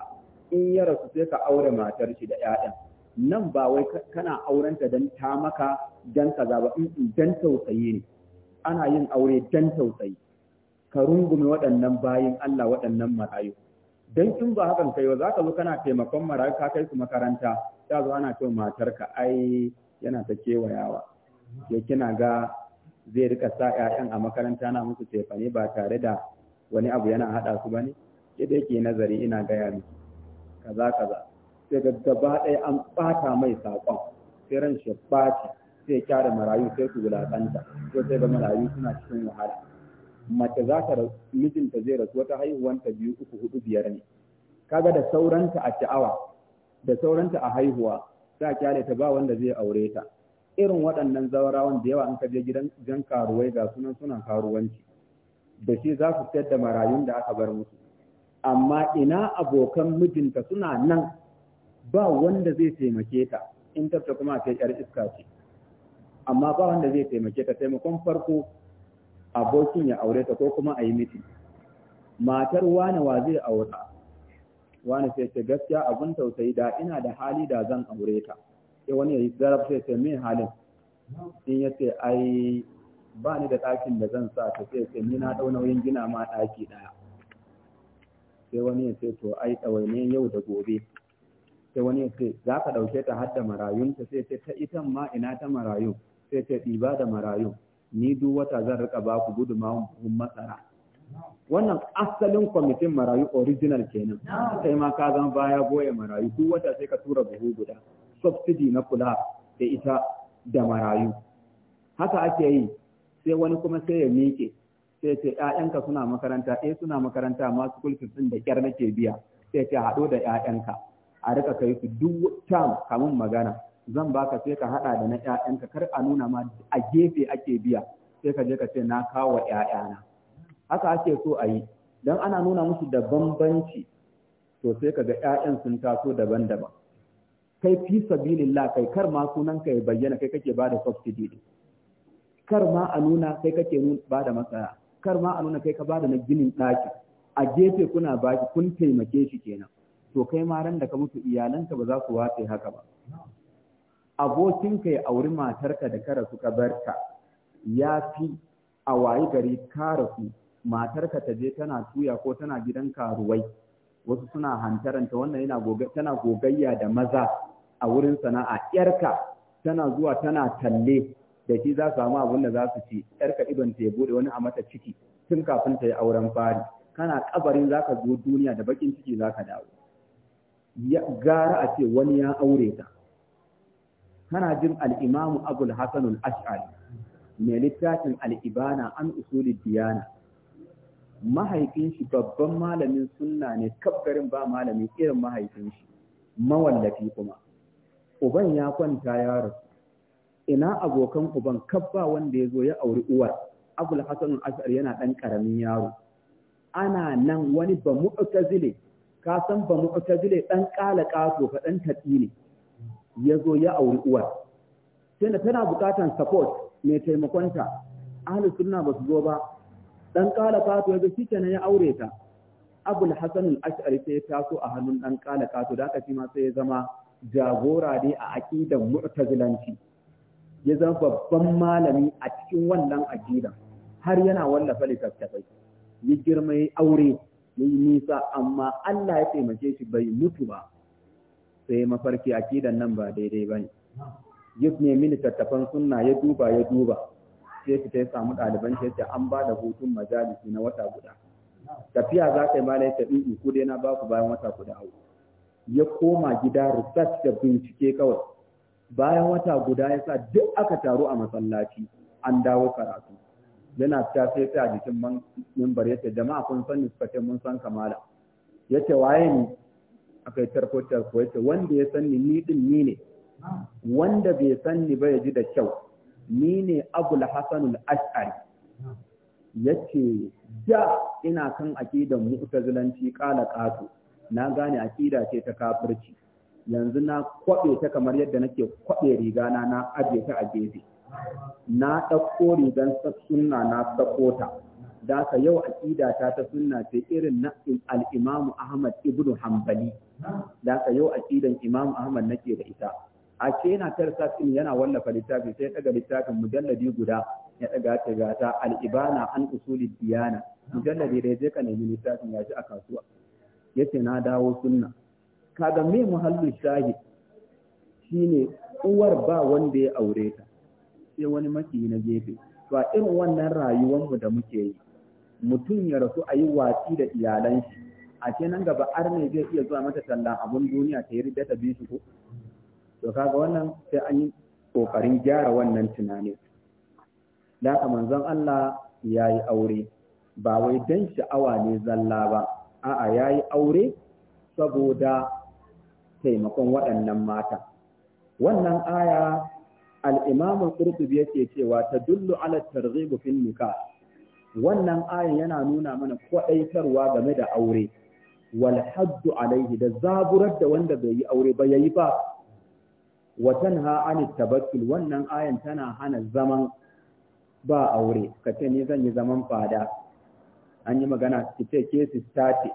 in ya rasu sai ka aure matar shi da ƴaƴan nan ba wai kana aurenta dan ta maka dan kaza ba in tausayi ne ana yin aure dan tausayi ka rungume waɗannan bayin Allah waɗannan marayu Dan in ba hakan kai ba za ka zo kana taimakon marayu ka kai su makaranta ta zo ana cewa ka, ai yana ta kewayawa Ya kina ga zai rika sa 'ya'yan a makaranta na musu tefane ba tare da wani abu yana hada su ba ne yadda yake nazari ina gaya miki kaza kaza sai ga gaba ɗaya an ɓata mai saƙon sai ran shi ɓaci sai kyara marayu sai su wulaƙanta ko sai ga marayu suna cikin wahala mace za ta mijinta zai rasu wata haihuwanta biyu uku hudu biyar ne kaga da sauranta a sha'awa da sauranta a haihuwa za kyale ta ba wanda zai aure ta irin waɗannan zawarawan da yawa an ka je gidan jan karuwai ga sunan sunan karuwanci da shi za su sayar da marayun da aka bar musu amma ina abokan mijinta suna nan ba wanda zai taimake ta in tafta kuma ta yar iska ce amma ba wanda zai taimake ta taimakon farko abokin ya aure ta ko kuma a yi miti matar wani wa zai aura wani sai ce gaskiya abin tausayi da ina da hali da zan aure ta sai wani ya yi sai ce min halin in ya ce ai ba ni da ɗakin da zan sa ta sai ce ni na ɗau nauyin gina ma ɗaki ɗaya sai wani ya ce to ai ɗawainiyan yau da gobe sai wani ce za ka ɗauke ta har da marayun ta sai ce ta itan ma ina ta marayun sai ce ɗiba da marayun ni duk wata zan rika ba ku gudu ma buhun masara wannan asalin kwamitin marayu original kenan sai ma ka zan baya goye marayu duk wata sai ka tura buhu guda subsidy na kula da ita da marayu haka ake yi sai wani kuma sai ya miƙe sai ce ‘ya'yanka suna makaranta, eh suna makaranta masu kulfin ɗin da kyar nake biya, sai ce haɗo da ‘ya'yanka. a rika kai su duk tam kamun magana zan baka sai ka hada da na ƴaƴanka kar a nuna ma a gefe ake biya sai ka je ka ce na kawo ƴaƴana haka ake so a yi dan ana nuna musu da bambanci to sai ka ga ƴaƴan sun taso daban-daban kai fi sabilillah kai kar ma sunan kai bayyana kai kake bada subsidy din kar ma a nuna kai kake bada masaya kar ma a nuna kai ka bada na ginin ɗaki a gefe kuna baki kun taimake shi kenan to kai ma ran da ka mutu iyalanka ba za su wace haka ba abokinka ya auri matarka da ka rasu ka ya fi a wayi gari ka rasu matarka ta je tana tuya ko tana gidan karuwai wasu suna hantaranta wannan yana tana gogayya da maza a wurin sana'a yarka tana zuwa tana talle da shi za su samu abin da za su ci yarka idon ta ya bude wani a mata ciki tun kafin ta yi auren fari kana kabarin zaka zo duniya da bakin ciki zaka dawo gara a ce wani ya aure ta kana jin al abul hasan al-ash'ari mai littafin Al'ibana an usulid diyana mahaifin shi babban malamin sunna ne kabgarin ba malamin irin mahaifin shi mawallafi kuma uban ya kwanta ya rasu ina abokan uban kabba wanda ya zo ya auri uwar abul hasan al-ash'ari yana ɗan karamin yaro ana nan wani ba mu'tazile ka san ba mu'tazile dan kala kato fa dan tatsi ne ya ya auri uwar na tana bukatan support mai ta. ahli sunna ba su zo ba dan kala kato ya shi ne ya aure ta abul hasan al-ash'ari sai ya taso a hannun dan kala kato da aka sai ya zama jagora ne a aqidan mu'tazilanci ya zama babban malami a cikin wannan aqidan har yana wallafa littattafai ya girma ya aure ya yi nisa amma Allah ya taimake shi bai mutu ba sai mafarki akidan nan ba daidai ba ne yus ne mini tattafan sunna ya duba ya duba sai fita ya samu ɗaliban shi yace an bada hutun majalisi na wata guda tafiya za ka yi mala yace in ku dai na ba bayan wata guda hau ya koma gida research da bincike kawai bayan wata guda ya sa duk aka taru a masallaci an dawo karatu yana fita sai ta jikin mimbar yace jama'a kun san ni mun san kamala yace waye ni akai tarko tarko yace wanda ya sanni ni din ni ne wanda bai sanni ba ya ji da kyau ni ne abul hasan al-ash'ari yace da ina kan aqidan Zulanci qala qatu na gane aqida ce ta kafirci yanzu na kwabe ta kamar yadda nake kwabe rigana na aje ta a gefe na ɗauko rigan sunna na sako ta da ka yau aƙida ta ta sunna ce irin na al-Imam Ahmad ibn Hanbali da ka yau aƙidan Imam Ahmad nake da ita a ce yana tarsa yana wallafa littafi sai daga littafin mujalladi guda ya daga ta gata al-ibana an usuli diyana mujalladi da je ka nemi littafin ya ji a kasuwa yace na dawo sunna kaga me muhallu shahid shine uwar ba wanda ya aure ta sai wani mafi na gefe to a irin wannan rayuwar mu da muke yi mutum ya rasu a yi watsi da iyalan shi a ce nan gaba ar ne zai iya zuwa mata talla abun duniya ta yi ta bi su ko to kaga wannan sai an yi kokarin gyara wannan tunanin da ka manzon Allah ya yi aure ba wai dan sha'awa ne zalla ba a'a ya yi aure saboda taimakon waɗannan mata wannan aya al-imam al-qurtubi yake cewa ta ala targhibu fil nikah wannan ayan yana nuna mana kwadaitarwa game da aure wal haddu alaihi da zaburar da wanda bai yi aure ba yayi ba wa tanha ani tabakkul wannan ayan tana hana zaman ba aure ka ce ni zan yi zaman fada an yi magana ki ce ke tace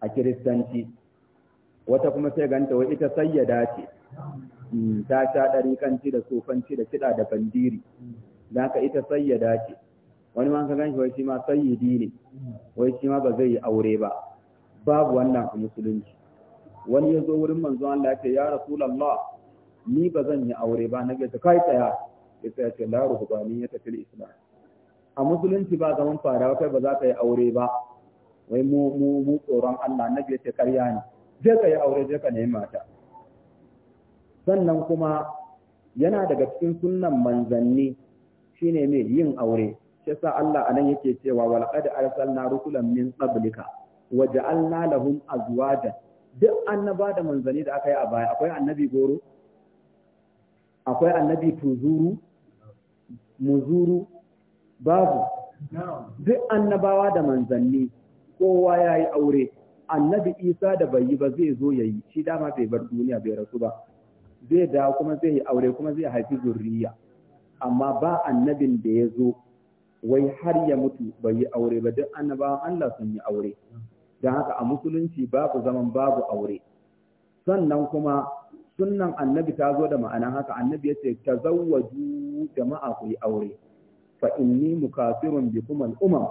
a kiristanci wata kuma sai ganta wai ita sayyada ce Mm, ta sha ɗarikanci da sofanci da kiɗa da bandiri da ka ita sayyada ce wani ma ka ganshi wai shi ma sayyidi ne wai shi ma ba zai yi aure ba babu wannan a musulunci wani ya zo wurin manzo Allah ya ce ya rasulullah ni ba zan yi aure ba na ta kai tsaya ya tsaya ce la ruhbani ya tafi islam a musulunci ba zaman fara kai ba za ka yi aure ba wai mu mu mu tsoron Allah na ya ce karya ne je ka yi aure je ka nemi mata sannan kuma yana daga cikin sunnan manzanni shine mai yin aure shi yasa Allah anan yake cewa wal qad arsalna rusulan min qablika wa ja'alna lahum azwaja duk annaba da manzanni da aka yi a baya akwai annabi goro akwai annabi tuzuru muzuru babu duk annabawa da manzanni kowa ya yi aure annabi isa da bai yi ba zai zo ya yi shi dama bai bar duniya bai rasu ba zai dawo kuma zai yi aure kuma zai haifi zurriya amma ba annabin da ya zo wai har ya mutu bai yi aure ba duk annabawan Allah sun yi aure don haka a musulunci babu zaman babu aure sannan kuma sunnan annabi ta zo da ma'ana haka annabi ya ce ta zawwaju jama'a ku yi aure fa inni mukafirun bikum al-umam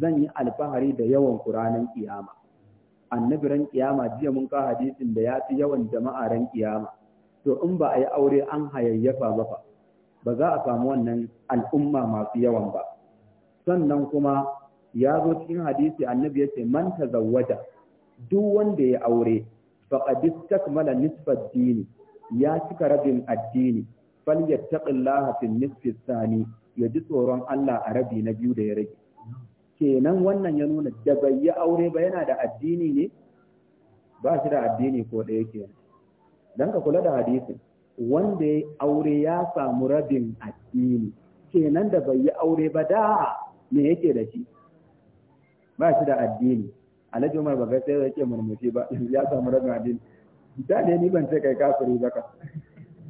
zan yi alfahari da yawan ranar kiyama annabi ran kiyama jiya mun ka hadisin da ya fi yawan jama'a ran kiyama to in ba a yi aure an hayayyafa ba fa ba za a samu wannan al'umma masu yawan ba sannan kuma ya zo cikin hadisi annabi ya ce man tazawwaja duk wanda ya aure faqad istakmala nisfa dini ya cika rabin addini fal yattaqillaha fi nisfi thani ya ji tsoron Allah a rabi na biyu da ya rage kenan wannan ya nuna da bai yi aure ba yana da addini ne ba shi da addini ko ɗaya kenan dan ka kula da hadisin wanda ya aure ya samu rabin addini kenan da bai yi aure ba da me yake da shi ba shi da addini alhaji umar ba sai yake murmushi ba ya samu rabin addini da ne ni ban ce kai kafiri ba ka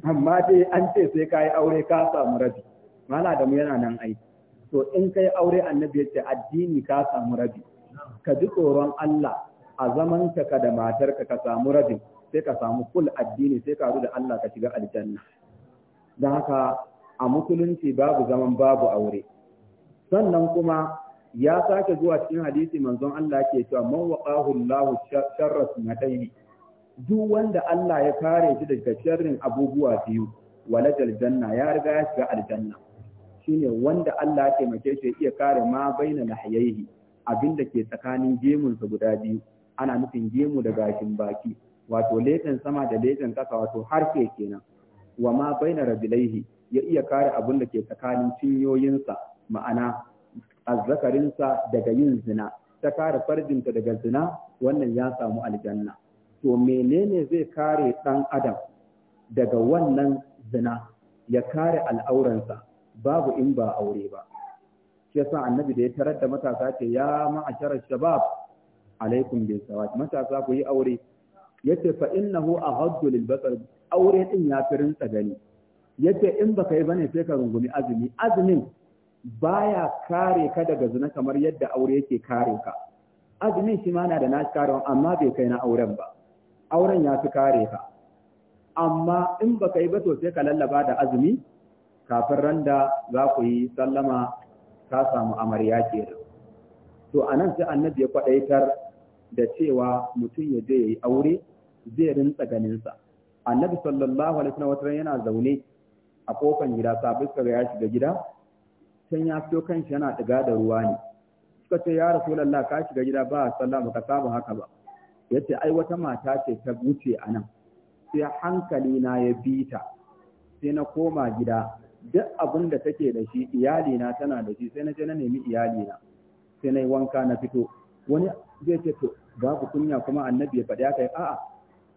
amma dai an ce sai kai aure ka samu rabi mala da mu yana nan ai to in kai aure annabi ya ce addini ka samu rabi ka ji tsoron Allah a zaman ka da ka ka samu rabin sai ka samu kul addini sai ka da Allah ka shiga aljanna don haka a musulunci babu zaman babu aure sannan kuma ya sake zuwa cikin hadisi manzon Allah ke cewa man waqahu Allahu sharra duk wanda Allah ya kare shi daga sharrin abubuwa biyu walajal janna ya riga ya shiga aljanna shine wanda Allah ya taimake shi iya kare ma baina lahayaihi abinda ke tsakanin gemunsa guda biyu ana nufin gemu da gashin baki wato leɗen sama da leƙen ƙasa wato harshe kenan wa ma baina rabilaihi ya iya kare abun da ke tsakanin cinyoyinsa ma'ana azzakarinsa daga yin zina ta kare farjinta daga zina wannan ya samu aljanna to menene zai kare ɗan adam daga wannan zina ya kare al'auransa babu in ba aure ba shi yasa annabi da ya tarar da matasa ce ya ma'asharar shabab alaikum bin sawat matasa ku yi aure yace fa innahu aghaddu lil basar aure din ya firin gani yace in baka yi bane sai ka rungumi azumi azumin baya kare ka daga zina kamar yadda aure yake kare ka azumin shi ma na da nashi karewa amma bai kai na auren ba auren ya fi kare ka amma in baka yi ba to sai ka lallaba da azumi kafin randa za ku yi sallama ka samu amarya da. to anan sai annabi ya kwadaitar da cewa mutum ya je ya yi aure zai rinsa ganinsa annabi sallallahu alaihi wa sallam yana zaune a kofan gida sabai suka ya shiga gida can ya fito kanshi yana diga da ruwa ne suka ce ya rasulullah ka shiga gida ba sallama ka saba haka ba Ya ce ai wata mata ce ta wuce a nan sai hankali na ya ta. sai na koma gida duk abin da take da shi iyali na tana da shi sai na je na nemi iyalina sai na yi wanka na fito wani zai ce to babu kunya kuma annabi ya faɗi haka a'a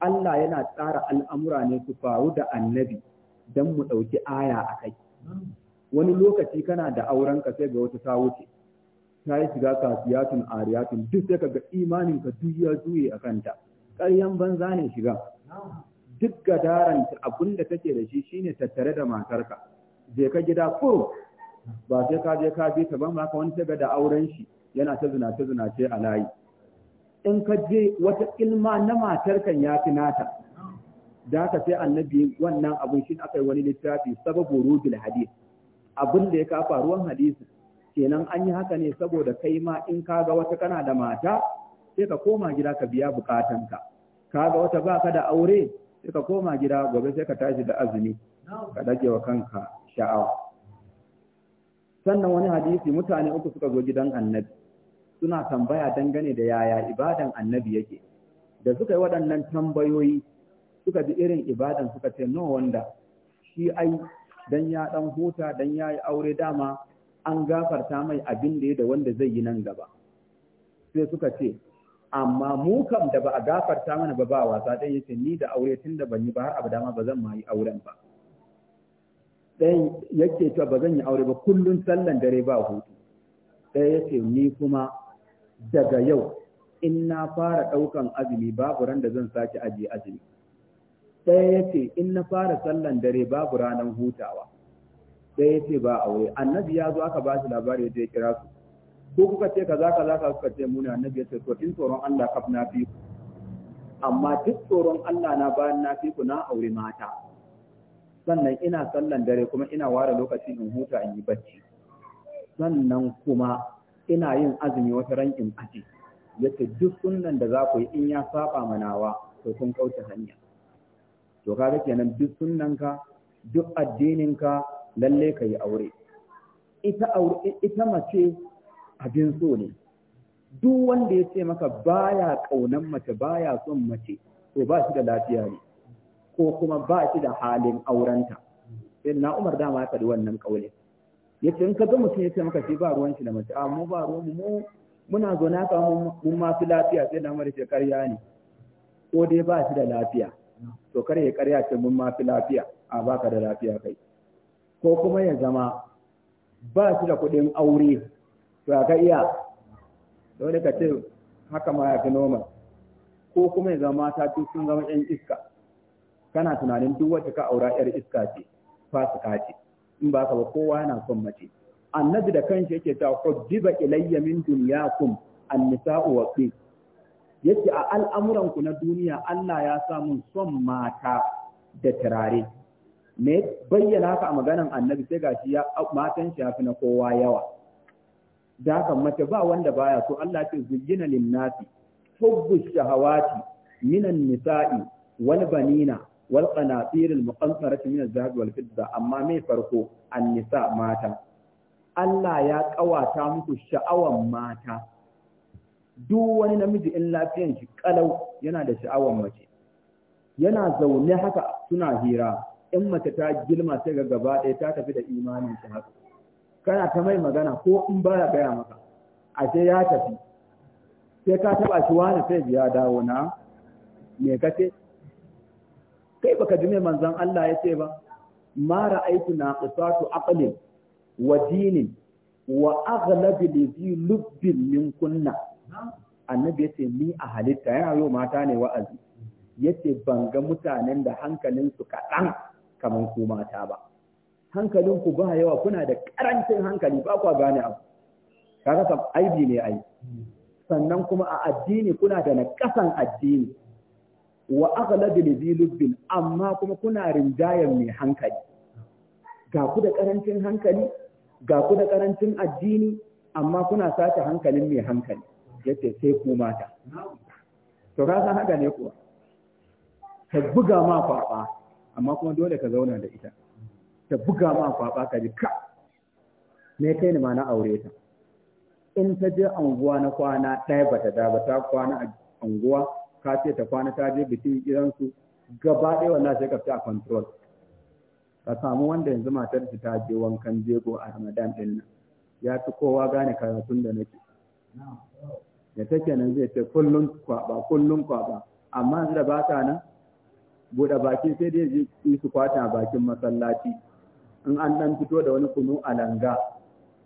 Allah yana tsara al'amura ne su faru da annabi don mu ɗauki aya a kai. Wani lokaci kana da aurenka sai ga wata ta wuce, ta yi shiga kasiyatun ariyatun duk sai ga imaninka duk ya juye a kanta, ƙaryan banza ne shiga. Duk gadaranta abin da take da shi shine tattare da matarka, je ka gida kuro, ba sai ka je ka bi ta ba ka wani ta ga da auren shi yana ta zinace zinace a layi. in ka je wata ilma na matar kan ya fi nata da ka sai annabi wannan abin shi aka yi wani littafi sababu rudul hadith abin da ya kafa ruwan hadisi kenan an yi haka ne saboda kai ma in ka ga wata kana da mata sai ka koma gida ka biya bukatanka ka ga wata baka da aure sai ka koma gida gobe sai ka tashi da azumi ka dage wa kanka sha'awa sannan wani hadisi mutane uku suka zo gidan annabi suna tambaya dangane da yaya ibadan annabi yake da suka yi waɗannan tambayoyi suka bi irin ibadan suka ce no wanda shi ai dan ya dan huta dan ya yi aure dama an gafarta mai abin da ya da wanda zai yi nan gaba sai suka ce amma mu kam da ba a gafarta mana ba ba wasa dan yace ni da aure tun da ban yi ba har abada ma ba zan ma yi auren ba dan yake cewa ba zan yi aure ba kullun sallan dare ba hutu sai yace ni kuma daga yau in na fara ɗaukan azumi babu ran da zan sake ajiye azumi ɗaya ya ce in na fara sallan dare babu ranar hutawa ɗaya ya ce ba aure annabi ya zo aka ba shi labari ya je kira su ko kuka ce kaza kaza ka kuka ce muni, annabi ya ce to in tsoron Allah kaf na fi ku amma duk tsoron Allah na bayan na fi ku na aure mata sannan ina sallan dare kuma ina ware lokaci in huta in yi bacci sannan kuma ina yin azumi wata ran in aji yace duk sunnan da za ku yi in ya saba manawa to kun kauce hanya to kaga kenan duk ka duk addinin ka lalle ka yi aure ita aure ita mace abin so ne duk wanda ya ce maka baya kaunan mace baya son mace to ba shi da lafiya ne ko kuma ba shi da halin aurenta sai na Umar dama ya faɗi wannan kaulin yace in ka ga mutum yace maka shi ba ruwan shi da mace a ah, mu ba ruwan mu muna zo na kawo mun ma fi lafiya sai da mara karya ne ko dai ba shi da lafiya to kar ya karya ce mun ma fi lafiya a ba ka da lafiya kai ko kuma ya zama ba shi da kuɗin aure to ka iya dole ka ce haka ma ya fi normal ko kuma ya zama mata duk sun zama yan iska kana tunanin duk wacce ka aura yar iska ce fasika ce in ba ka ba kowa yana son mace annabi da kanshi yake ta qaddiba ilayya min dunyakum an-nisa'u wa qi yace a al'amuran ku na duniya Allah ya sa mun son mata da turare me bayyana ka a maganan annabi sai gashi ya matan shi yafi na kowa yawa da haka mace ba wanda baya so Allah ce zujjina lin-nasi hubbu shahawati minan nisa'i wal banina wal qanatir al muqantarati min al dhahab wal fidda amma mai farko annisa mata Allah ya kawata muku sha'awan mata duk wani namiji in lafiyan shi kalau yana da sha'awan mace yana zaune haka suna hira in mace ta gilma sai ga gaba ɗaya ta tafi da imanin shi haka kana ta mai magana ko in ya gaya maka ashe ya tafi sai ka taba shi wani sai ya dawo na me kace kai baka ji mai manzon Allah ya ce ba ma ra'aytu naqisatu aqlin wa dinin wa aghlabi lizi lubbin min kunna annabi yace ni a halitta yana yau mata ne wa'azi yace ban ga mutanen da hankalinsu kaɗan kamar ku mata ba hankalinku ba yawa kuna da karancin hankali ba kwa gane abu kaga kam aibi ne ai sannan kuma a addini kuna da na addini wa aghlabil zilubbin amma kuma kuna rinjayen mai hankali ga ku da karancin hankali ga ku da karancin addini amma kuna sace hankalin mai hankali yace sai ku mata to ka san haka ne kuwa Ka buga ma kwaba amma kuma dole ka zauna da ita Ka buga ma kwaba ka ji ka me kai ni ma na aure ta in ta je anguwa na kwana ɗaya bata da ba ta kwana a anguwa ka ce ta kwana ta je bikin gidansu gaba ɗaya wallahi sai ka fi a control ka samu wanda yanzu matar shi ta je wankan jego a Ramadan din nan ya fi kowa gane karatun da nake da take nan zai ce kullun kwaba kullun kwaba amma yanzu da ba nan buɗe baki sai dai ji su kwata bakin masallaci in an ɗan fito da wani kunu a langa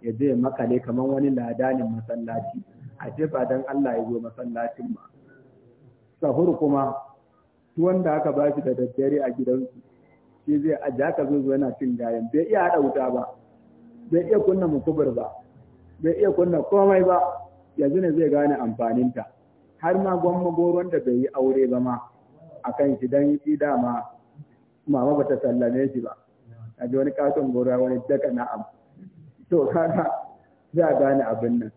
ya je makale kamar wani ladanin masallaci a jefa don Allah ya zo masallacin ma sahur kuma tuwon da aka ba shi da daddare a gidansu shi zai a aka zo yana cin gayan bai iya haɗa wuta ba bai iya kunna mukubur ba bai iya kunna komai ba yanzu ne zai gane amfaninta har ma gwamma goron da bai yi aure ba ma a kan shi don shi dama mama ba ta sallame shi ba a ji wani katon gora wani daga na'am to kaga za a gane abin nan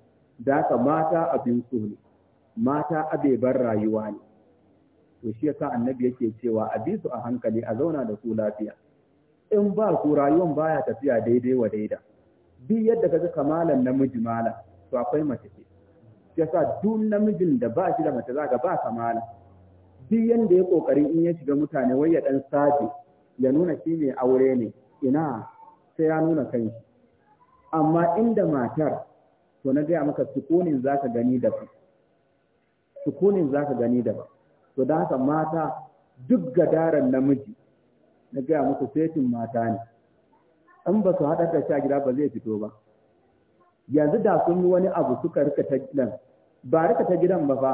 da haka mata abin so ne mata ban rayuwa ne to shi yasa annabi yake cewa a bi su a hankali a zauna da su lafiya in ba ku rayuwan baya tafiya daidai wa daida bi yadda kaga kamalan namiji mala to akwai mace ce shi yasa duk namijin da ba shi da mace zaka ba kamala bi yanda ya kokari in ya shiga mutane wai ya dan saje ya nuna shi ne aure ne ina sai ya nuna kanshi amma inda matar to na gaya maka sukunin zaka gani da sukunin zaka gani da to da haka mata duk gadaran namiji na gaya muku setin mata ne in ba su haɗa da sha gida ba zai fito ba yanzu da sun yi wani abu suka rika ta gidan ba rika ta gidan ba fa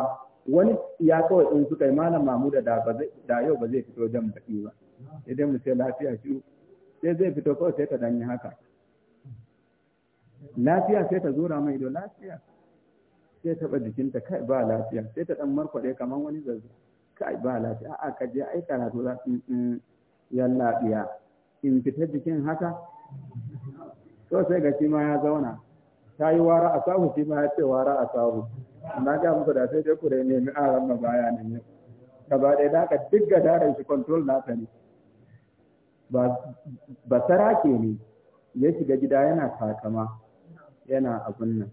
wani ya kawai in suka yi malam Mahmuda da da yau ba zai fito jan baki ba idan mu sai lafiya shi sai zai fito kawai sai ta danyi haka lafiya sai ta zura mai ido lafiya sai ta ba jikinta kai ba lafiya sai ta dan markwade kamar wani zazzabi kai ba lafiya a'a ka je ai karatu za su in mm, yalla biya in fita jikin haka to sai ga shi ma ya zauna ta yi wara a sahu shi ma ya ce wara a sahu na ga muku da sai dai ku dai nemi a ranar baya nan yau gaba ɗaya da ka digga da daren shi control ta ne ba ke ne ya shiga gida yana takama yana abin nan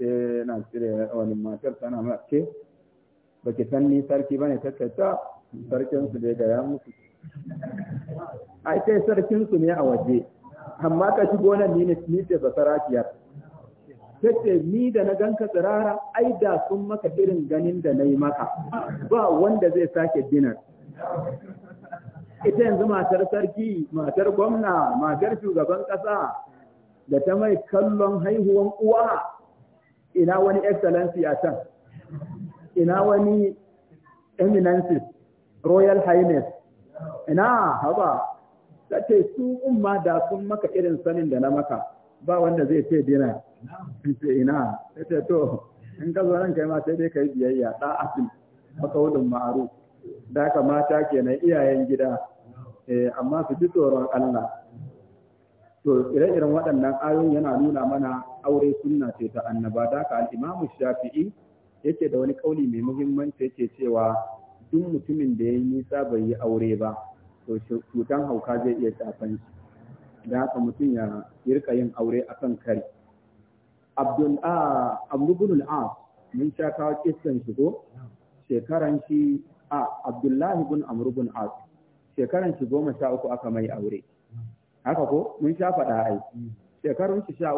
sai yana cire wani matar tana ma ke baki san ni sarki ba ne tattata sarkin su ga ya musu ai sai sarkin su ne a waje amma ka shigo nan ni ni ce sarakiyar. tace ni da na gan ka tsirara ai da sun maka irin ganin da na yi maka ba wanda zai sake dinar ita yanzu matar sarki matar gwamna matar shugaban ƙasa, da ta mai kallon haihuwan uwa ina wani excellency a can ina wani eminences royal highness ina haba ta ce su umma da sun maka irin sanin da na maka ba wanda zai ce dina ce ina ta ce to in ka zo nan kai ma sai dai kai biyayya da asin maka wudin ma'aru da haka mata kenan iyayen gida eh, amma su ji tsoron Allah to ire-iren waɗannan ayoyin yana nuna mana aure sunna ce ta annaba da ka al-Imam Shafi'i yake da wani kauli mai muhimmanci yake cewa duk mutumin da ya yi nisa bai yi aure ba to cutan hauka zai iya shafan shi da haka mutum ya rika yin aure akan kari abdul a abdul a mun sha kawo kistan shigo shekaran shi a abdullahi bin amr bin as shekaran shi goma sha uku aka mai aure haka ko mun sha faɗa ai shekarun shi sha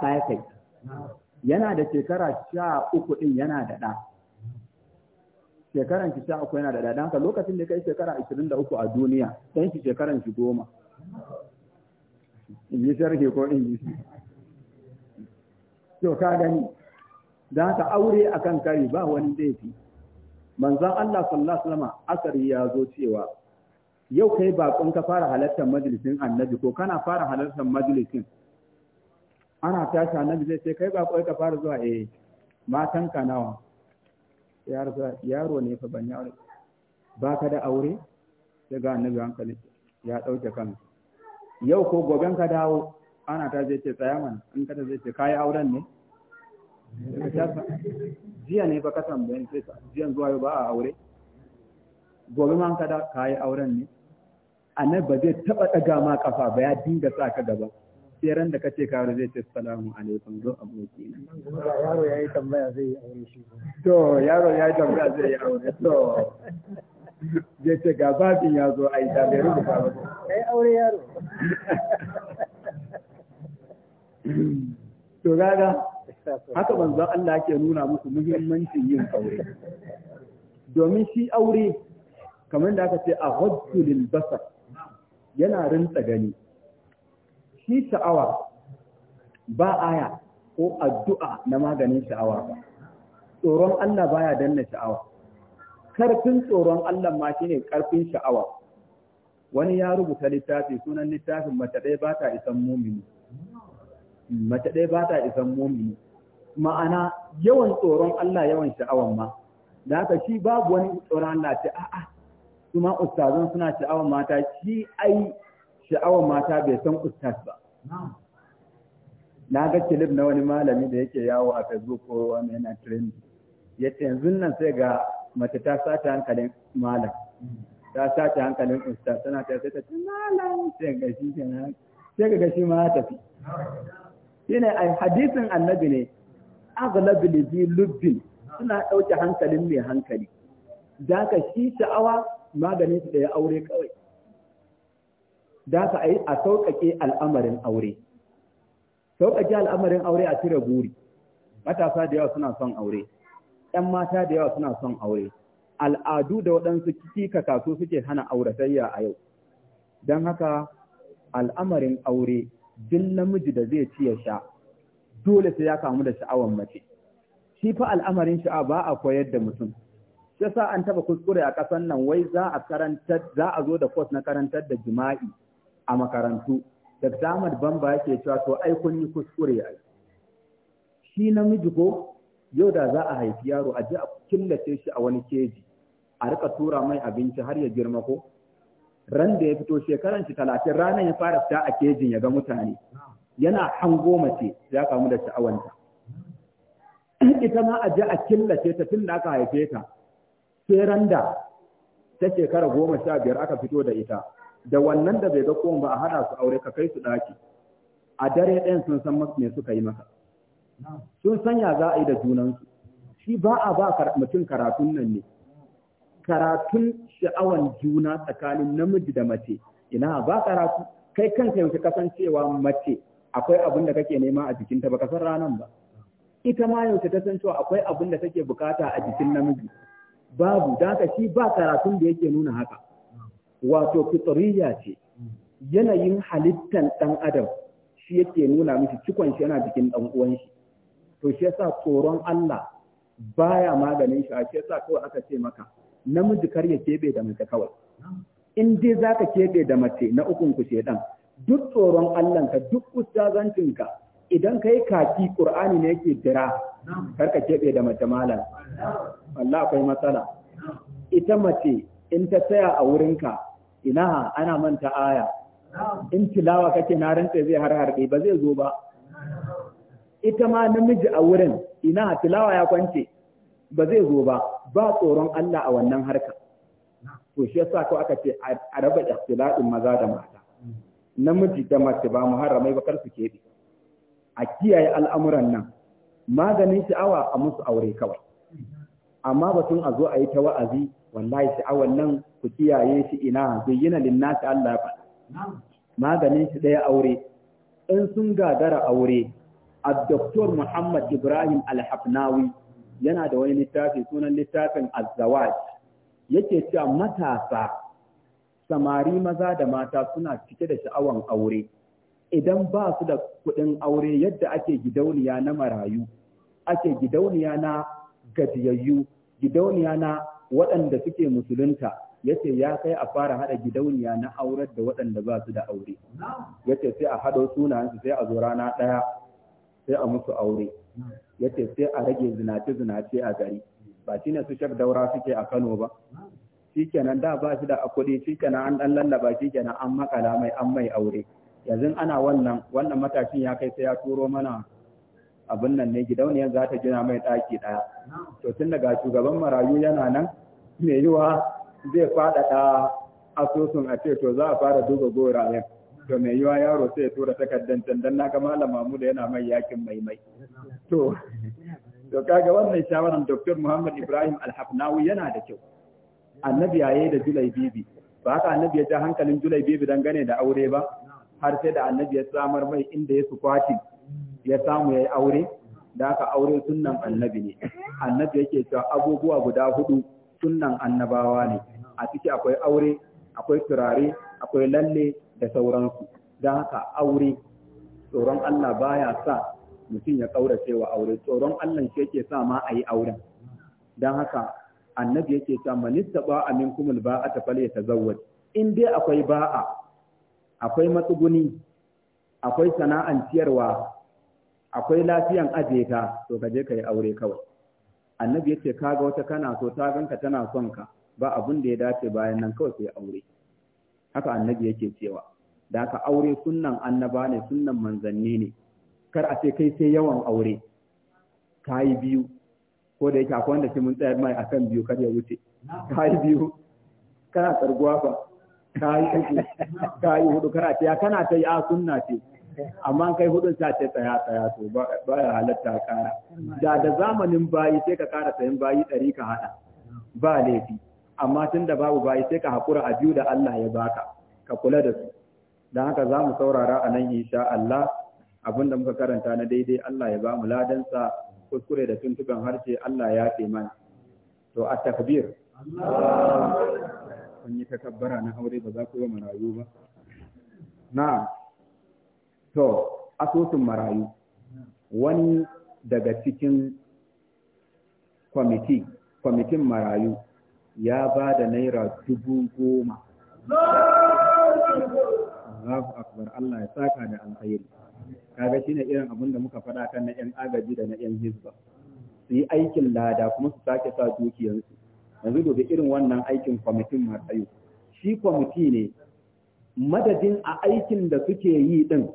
ɗaya kai yana da shekara sha uku ɗin yana da ɗa shekaran shi sha uku yana da ɗa don haka lokacin da kai shekara ashirin da uku a duniya ɗan shi shekaran shi goma in yi sharhi ko in yi to ka gani don haka aure akan kari ba wani laifi manzon Allah sallallahu alaihi wasallam asari ya zo cewa yau kai bakon ka fara halartar majalisin annabi ko kana fara halartar majalisin ana tashi annabi zai ce kai ba ka fara zuwa eh matan ka nawa yaro ne fa ban yaro ba ka da aure sai ga annabi hankali ya dauke kan yau ko goben ka dawo ana ta zai ce tsaya mana in ka zai ce kai auren ne jiya ne ba ka tambaye sai jiyan zuwa yau ba a aure gobe ma ka da kai auren ne annabi ba zai taba daga ma kafa ba ya dinga sa ka gaba sai ran da kace ka zai ce salamu alaikum zo aboki na yaro yayi tambaya zai yi aure shi to yaro yayi tambaya zai yi aure to zai ce ga babin ya zo ai da bai rubuta ba kai aure yaro to gaga haka manzon Allah ke nuna musu muhimmancin yin aure domin shi aure kamar da aka ce a lil basar yana rinta gani shi sha'awa ba aya ko addu'a na maganin sha'awa ba tsoron Allah baya danna sha'awa karfin tsoron Allah ma shine karfin sha'awa wani ya rubuta littafi sunan littafin mace ɗaya ba ta isan mumini mace ɗaya ba ta isan mumini ma'ana yawan tsoron Allah yawan sha'awan ma da haka shi babu wani tsoron Allah ce a'a kuma ustazan suna sha'awan mata shi ai sha'awar mata bai san ustaz ba na ga kilif na wani malami da yake yawo a facebook ko wani yana trendy ya ce yanzu nan sai ga mace ta sace hankalin malam ta sace hankalin ustaz tana ta sai ta ce malam sai ga shi kenan sai ga shi ma tafi shine ai hadisin annabi ne aghlabu lizi lubbin suna dauke hankalin mai hankali da ka shi sha'awa maganin da ya aure kawai da ka a sauƙaƙe al'amarin aure sauƙaƙe al'amarin aure a cire buri matasa da yawa suna son aure ‘yan mata da yawa suna son aure al'adu da waɗansu ka kaso suke hana auratayya a yau don haka al'amarin aure duk namiji da zai ci ya sha dole sai ya kamu da sha'awar mace shi fa al'amarin sha'a ba a koyar da mutum shi sa an taɓa kuskure a ƙasar nan wai za a zo da kwas na karantar da jima'i a makarantu da Ahmad Bamba yake cewa to ai kun yi kuskure ai shi namiji ko yau da za a haifi yaro a je a killace shi a wani keji a rika tura mai abinci har ya girma ko ran da ya fito shekaran shi talatin ranar ya fara fita a kejin ya ga mutane yana hango mace ya kamu da sha'awanta ita ma a je a killace ta tun da aka haife ta sai ran ta shekara goma sha biyar aka fito da ita da wannan da bai ga kowa ba a hada su aure ka kai su daki a dare ɗayan sun san me suka yi maka sun sanya za a yi da junansu shi ba a ba mutum karatun nan ne karatun sha'awan juna tsakanin namiji da mace ina ba karatu kai kanka yanzu kasancewa mace akwai abin da kake nema a jikinta ba san ranan ba ita ma yanzu ta san cewa akwai abin da take bukata a jikin namiji babu da haka shi ba karatun da yake nuna haka wato fitriya ce yanayin halittan ɗan adam shi yake nuna miki cikon shi yana jikin ɗan uwan shi to shi yasa tsoron Allah baya maganin shi a shi yasa kawai aka ce maka namiji kar ya kebe da mace kawai in dai zaka kebe da mace na ukun ku dan duk tsoron Allah ka duk ustazancin ka idan kai kaki Qur'ani ne yake dira kar ka kebe da mace malam Allah akwai matsala ita mace in ta tsaya a wurinka ina ana manta aya in tilawa kake na rantse zai har ba zai zo ba ita ma namiji a wurin ina tilawa ya kwance ba zai zo ba ba tsoron Allah a wannan harka to shi yasa ko aka ce a raba ikhtilafin maza da mata namiji da mace ba muharramai ba kar su kebe a kiyaye al'amuran nan maganin sha'awa a musu aure kawai amma batun a zo a yi ta wa'azi wallahi sha'awan nan ku kiyaye shi ina bayyana nasi Allah ba maganin shi ɗaya aure in sun gagara aure a doktor Muhammad Ibrahim Alhafnawi yana da wani littafi sunan littafin Azzawaj yake cewa matasa samari maza da mata suna cike da sha'awan aure idan ba su da kuɗin aure yadda ake gidauniya na marayu ake gidauniya na gajiyayyu gidauniya na waɗanda suke musulunta yace ya kai a fara haɗa gidauniya na aurar da waɗanda ba su da aure yace sai a hado su sai a zo rana ɗaya sai a musu aure yace sai a rage zinace zinace a gari ba shine su shak daura suke a Kano ba shikenan da ba shi da kuɗi shikenan an dan lallaba shikenan an makala mai an mai aure yanzu ana wannan wannan matashin ya kai sai ya turo mana abin nan ne gidauniyar za ta gina mai ɗaki ɗaya to tun daga shugaban marayu yana nan mai yiwa zai faɗaɗa asusun a ce to za a fara duba gorayen to mai yiwa yaro sai tura takardar can dan na ga malam yana mai yakin mai to to kaga wannan shawaran Dr. Muhammad Ibrahim al yana da kyau annabi yayi da Julai Bibi ba haka annabi ya ja hankalin Julai Bibi dangane da aure ba har sai da annabi ya samar mai inda ya su kwatin ya samu yayi aure da haka aure sunnan annabi ne annabi yake cewa abubuwa guda hudu sunnan annabawa ne a ciki akwai aure akwai turare akwai lalle da sauransu don haka aure tsoron Allah baya sa mutum ya kaurace wa aure tsoron Allah shi yake sa ma a yi auren don haka annabi yake sa manista ba kumul ba ta falle ta zawwad in dai akwai ba'a akwai matsuguni akwai sana'an ciyarwa akwai lafiyan ajeta to kaje je ka yi aure kawai annabi yace kaga wata kana so ta ganka tana son ka ba abun da ya dace bayan nan kawai sai aure haka annabi yake cewa da haka aure sunnan annaba ne sunnan manzanni ne kar a ce kai sai yawan aure kayi biyu ko da yake akwai wanda shi mun tsaya mai akan biyu kar ya wuce kayi biyu kana tsarguwa ba kayi uku kayi hudu a ce ya kana ta yi a sunna ce amma kai hudun ta ce tsaya tsaya to ba ya halatta kara da da zamanin bayi sai ka kara sayan bayi ɗari ka hada ba laifi amma tun da babu bayi sai ka haƙura a biyu da Allah ya baka ka kula da su don haka za mu saurara a nan insha Allah abin da muka karanta na daidai Allah ya ba mu ladansa kuskure da tuntuban harshe Allah ya ce mana to a takbir kun yi takabbara na aure ba za ku yi marayu ba na'am to asusun marayu wani daga cikin kwamiti kwamitin marayu ya ba da naira dubu goma Allahu akbar Allah ya saka da alkhairi kaga shine irin abin da muka faɗa kan na yan agaji da na yan hizba su yi aikin lada kuma su sake sa dukiyarsu yanzu dobe irin wannan aikin kwamitin marayu shi kwamiti ne madadin a aikin da suke yi din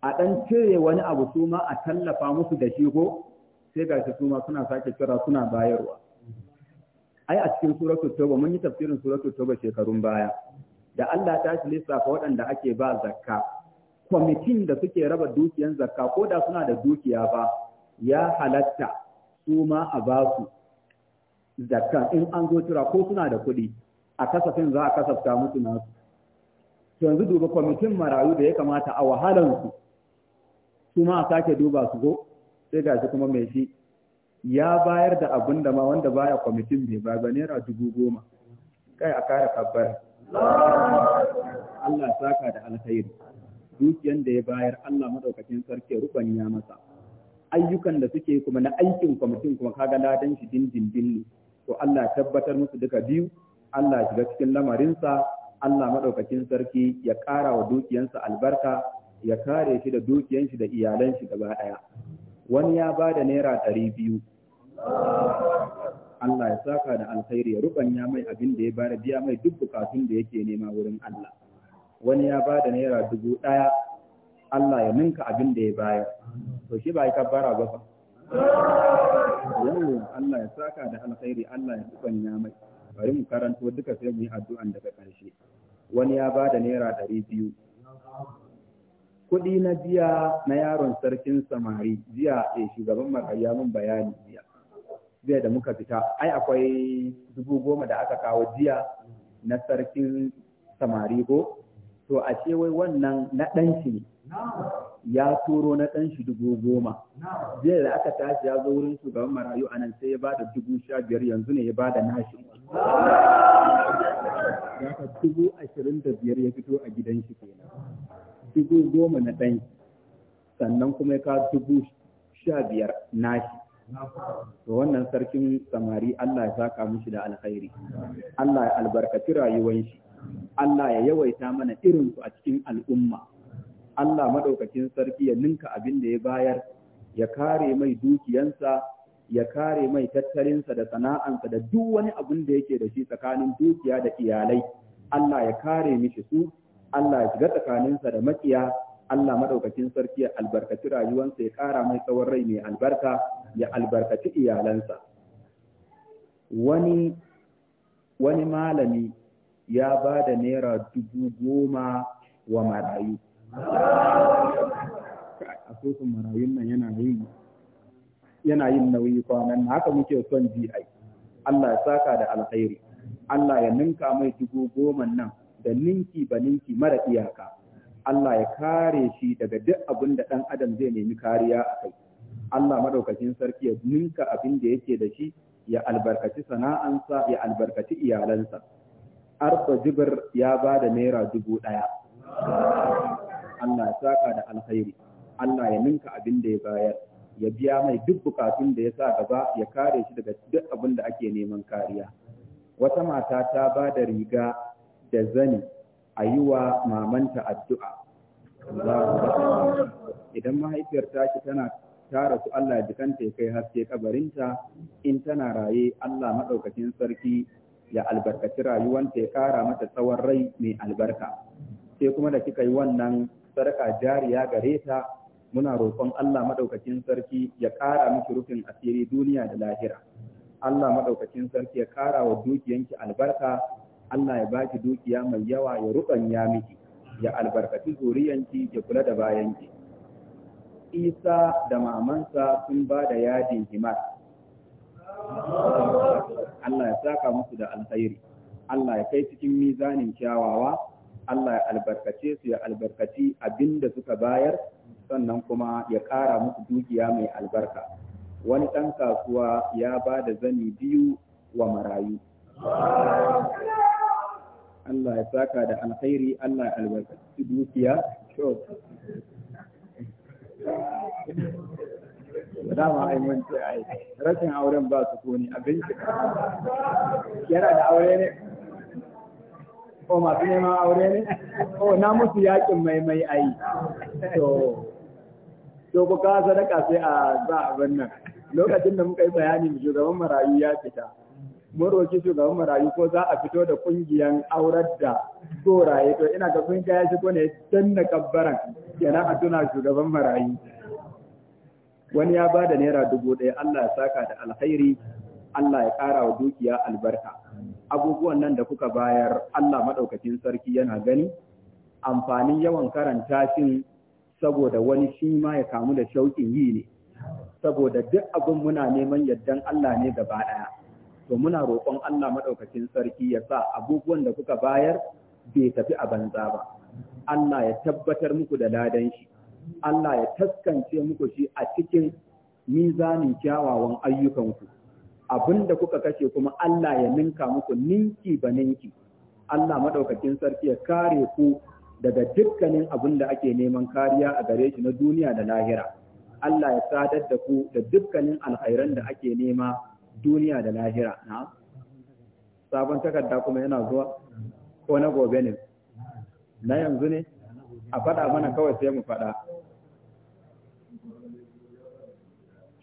a ɗan cire wani abu su ma a tallafa musu da shi ko sai ga su ma suna sake kira suna bayarwa ai a cikin suratul tauba mun yi tafsirin suratul tauba shekarun baya da Allah ta shi lissafa waɗanda ake ba zakka kwamitin da suke raba dukiyan zakka ko da suna da dukiya ba ya halatta su ma a ba su zakka in an zo tura ko suna da kuɗi a kasafin za a kasafta musu nasu yanzu duba kwamitin marayu da ya kamata a wahalansu su ma a sake duba su go sai ga kuma mai shi ya bayar da abin da ma wanda baya kwamitin bai ba ba naira dubu goma kai a kare kabbara Allah saka da alkhairi dukiyan da ya bayar Allah madaukakin sarki rukun ya masa ayyukan da suke kuma na aikin kwamitin kuma kaga ladan shi dindindin ne to Allah tabbatar musu duka biyu Allah shiga cikin lamarinsa Allah madaukakin sarki ya ƙara wa dukiyansa albarka ya kare shi da dukiyan shi da iyalan shi gaba ɗaya. wani ya ba da naira ɗari biyu Allah ya saka da alkhairi ya rubanya mai abin da ya bada biya mai duk bukatun da yake nema wurin Allah wani ya ba da naira dubu ɗaya Allah ya ninka abin da ya bayar to shi ba ya kabbara ba fa yau Allah ya saka da alkhairi Allah ya rubanya mai bari mu karanto duka sai mu yi addu'an daga ƙarshe wani ya ba da naira ɗari biyu kuɗi na jiya na yaron sarkin samari jiya a eh, shugaban marayya mun bayani jiya jiya da muka fita ai akwai dubu goma da aka kawo jiya na sarkin samari ko to a ce wai wannan na ɗan shi ne ya turo na ɗan shi dubu goma jiya da aka tashi ya zo wurin shugaban marayu a nan sai ya bada dubu sha biyar yanzu ne ya bada nashi ya ka dubu ashirin da biyar ya fito a gidan shi kenan dubu goma na ɗan sannan kuma ya kawo dubu sha biyar nashi to wannan sarkin samari Allah ya saka mishi da alkhairi Allah ya albarkaci rayuwar shi Allah ya yawaita mana irin su a cikin al'umma Allah madaukakin sarki ya ninka abin da ya bayar ya kare mai dukiyansa ya kare mai tattalinsa da sana'ansa da duk wani abin da yake da shi tsakanin dukiya da iyalai Allah ya kare mishi su Allah ya shiga tsakaninsa da makiya Allah madaukakin sarki ya albarkaci rayuwarsa ya ƙara mai tsawon rai mai albarka ya albarkaci iyalansa wani wani malami ya ba da naira dubu goma wa marayu a asusun marayun nan yana yin yana yin nauyi kwanan haka muke son ji Allah ya saka da alkhairi Allah ya ninka mai dubu goma nan da ninki ba ninki mara iyaka Allah ya kare shi daga duk abin da ɗan adam zai nemi kariya a kai Allah madaukakin sarki ya ninka abin da yake da shi ya albarkaci sana'ansa ya albarkaci iyalansa arfa jibir ya ba da naira dubu ɗaya Allah ya saka da alkhairi Allah ya ninka abin da ya bayar ya biya mai duk bukatun da ya sa gaba ya kare shi daga duk abin da ake neman kariya wata mata ta ba da riga da zani a yi wa mamanta addu'a idan mahaifiyar tashi tana tara su Allah jikanta ya kai haske kabarinta in tana raye Allah maɗaukacin sarki ya albarkaci rayuwanta ya ƙara mata tsawon rai mai albarka sai kuma da kika yi wannan sarka jariya gare ta muna roƙon Allah maɗaukacin sarki ya ƙara miki rufin asiri duniya da lahira Allah maɗaukacin sarki ya ƙara wa dukiyanki albarka Allah ya baki dukiya mai yawa ya ya miki ya albarkaci zuriyanki ya kula da bayanki Isa da mamansa sun ba da yadin himar Allah ya saka musu da alkhairi Allah ya kai cikin mizanin kyawawa Allah ya albarkace su ya albarkaci abin da suka bayar sannan kuma ya ƙara musu dukiya mai albarka wani ɗan kasuwa ya ba da zani biyu wa marayu ya saka da alkhairi Allah albarkaci dukiya to dama ai mun ce ai rashin auren ba su koni abin shi. yana da aure ne ko masu neman aure ne ko na musu yakin mai mai ai to to ku ka sadaka sai a za abin nan lokacin da muka yi bayani shugaban marayu ya fita mun roki shugaban marayu ko za a fito da kungiyan aurar da goraye to ina ga kun ya shigo ne danna kabbaran kenan a tuna shugaban marayu wani ya ba da naira dubu ɗaya Allah ya saka da alkhairi Allah ya ƙara wa dukiya albarka abubuwan nan da kuka bayar Allah maɗaukacin sarki yana gani amfanin yawan karanta shin saboda wani shi ma ya kamu da shauƙin yi ne saboda duk abin muna neman yaddan Allah ne gaba ɗaya to muna roƙon Allah madaukakin sarki ya sa abubuwan da kuka bayar bai tafi a banza ba Allah ya tabbatar muku da ladan shi Allah ya taskance muku shi a cikin mizanin kyawawan ayyukanku abinda kuka kashe kuma Allah ya ninka muku ninki ba ninki Allah madaukakin sarki ya kare ku daga dukkanin abin da ake neman kariya a gare shi na duniya da lahira Allah ya sadar da ku da dukkanin alkhairan da ake nema duniya da lahira na sabon takarda kuma yana zuwa ko na gobe ne na yanzu ne a faɗa mana kawai sai mu faɗa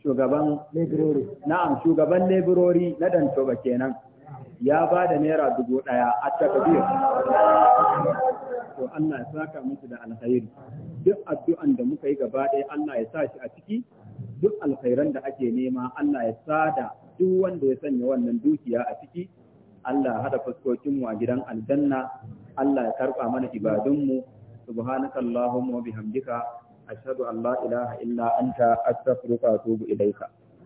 shugaban laborori na'am shugaban laborori na dantoba kenan ya ba da naira dubu ɗaya a takabir to Allah ya saka musu da alkhairi duk addu'an da muka yi gaba ɗaya Allah ya sa shi a ciki duk alkhairan da ake nema Allah ya sada duk wanda ya sanya wannan dukiya a ciki Allah ya hada fuskokinmu a gidan aljanna Allah ya karba mana ibadunmu subhanaka allahumma wa bihamdika ashhadu an la ilaha illa anta astaghfiruka wa atubu ilaika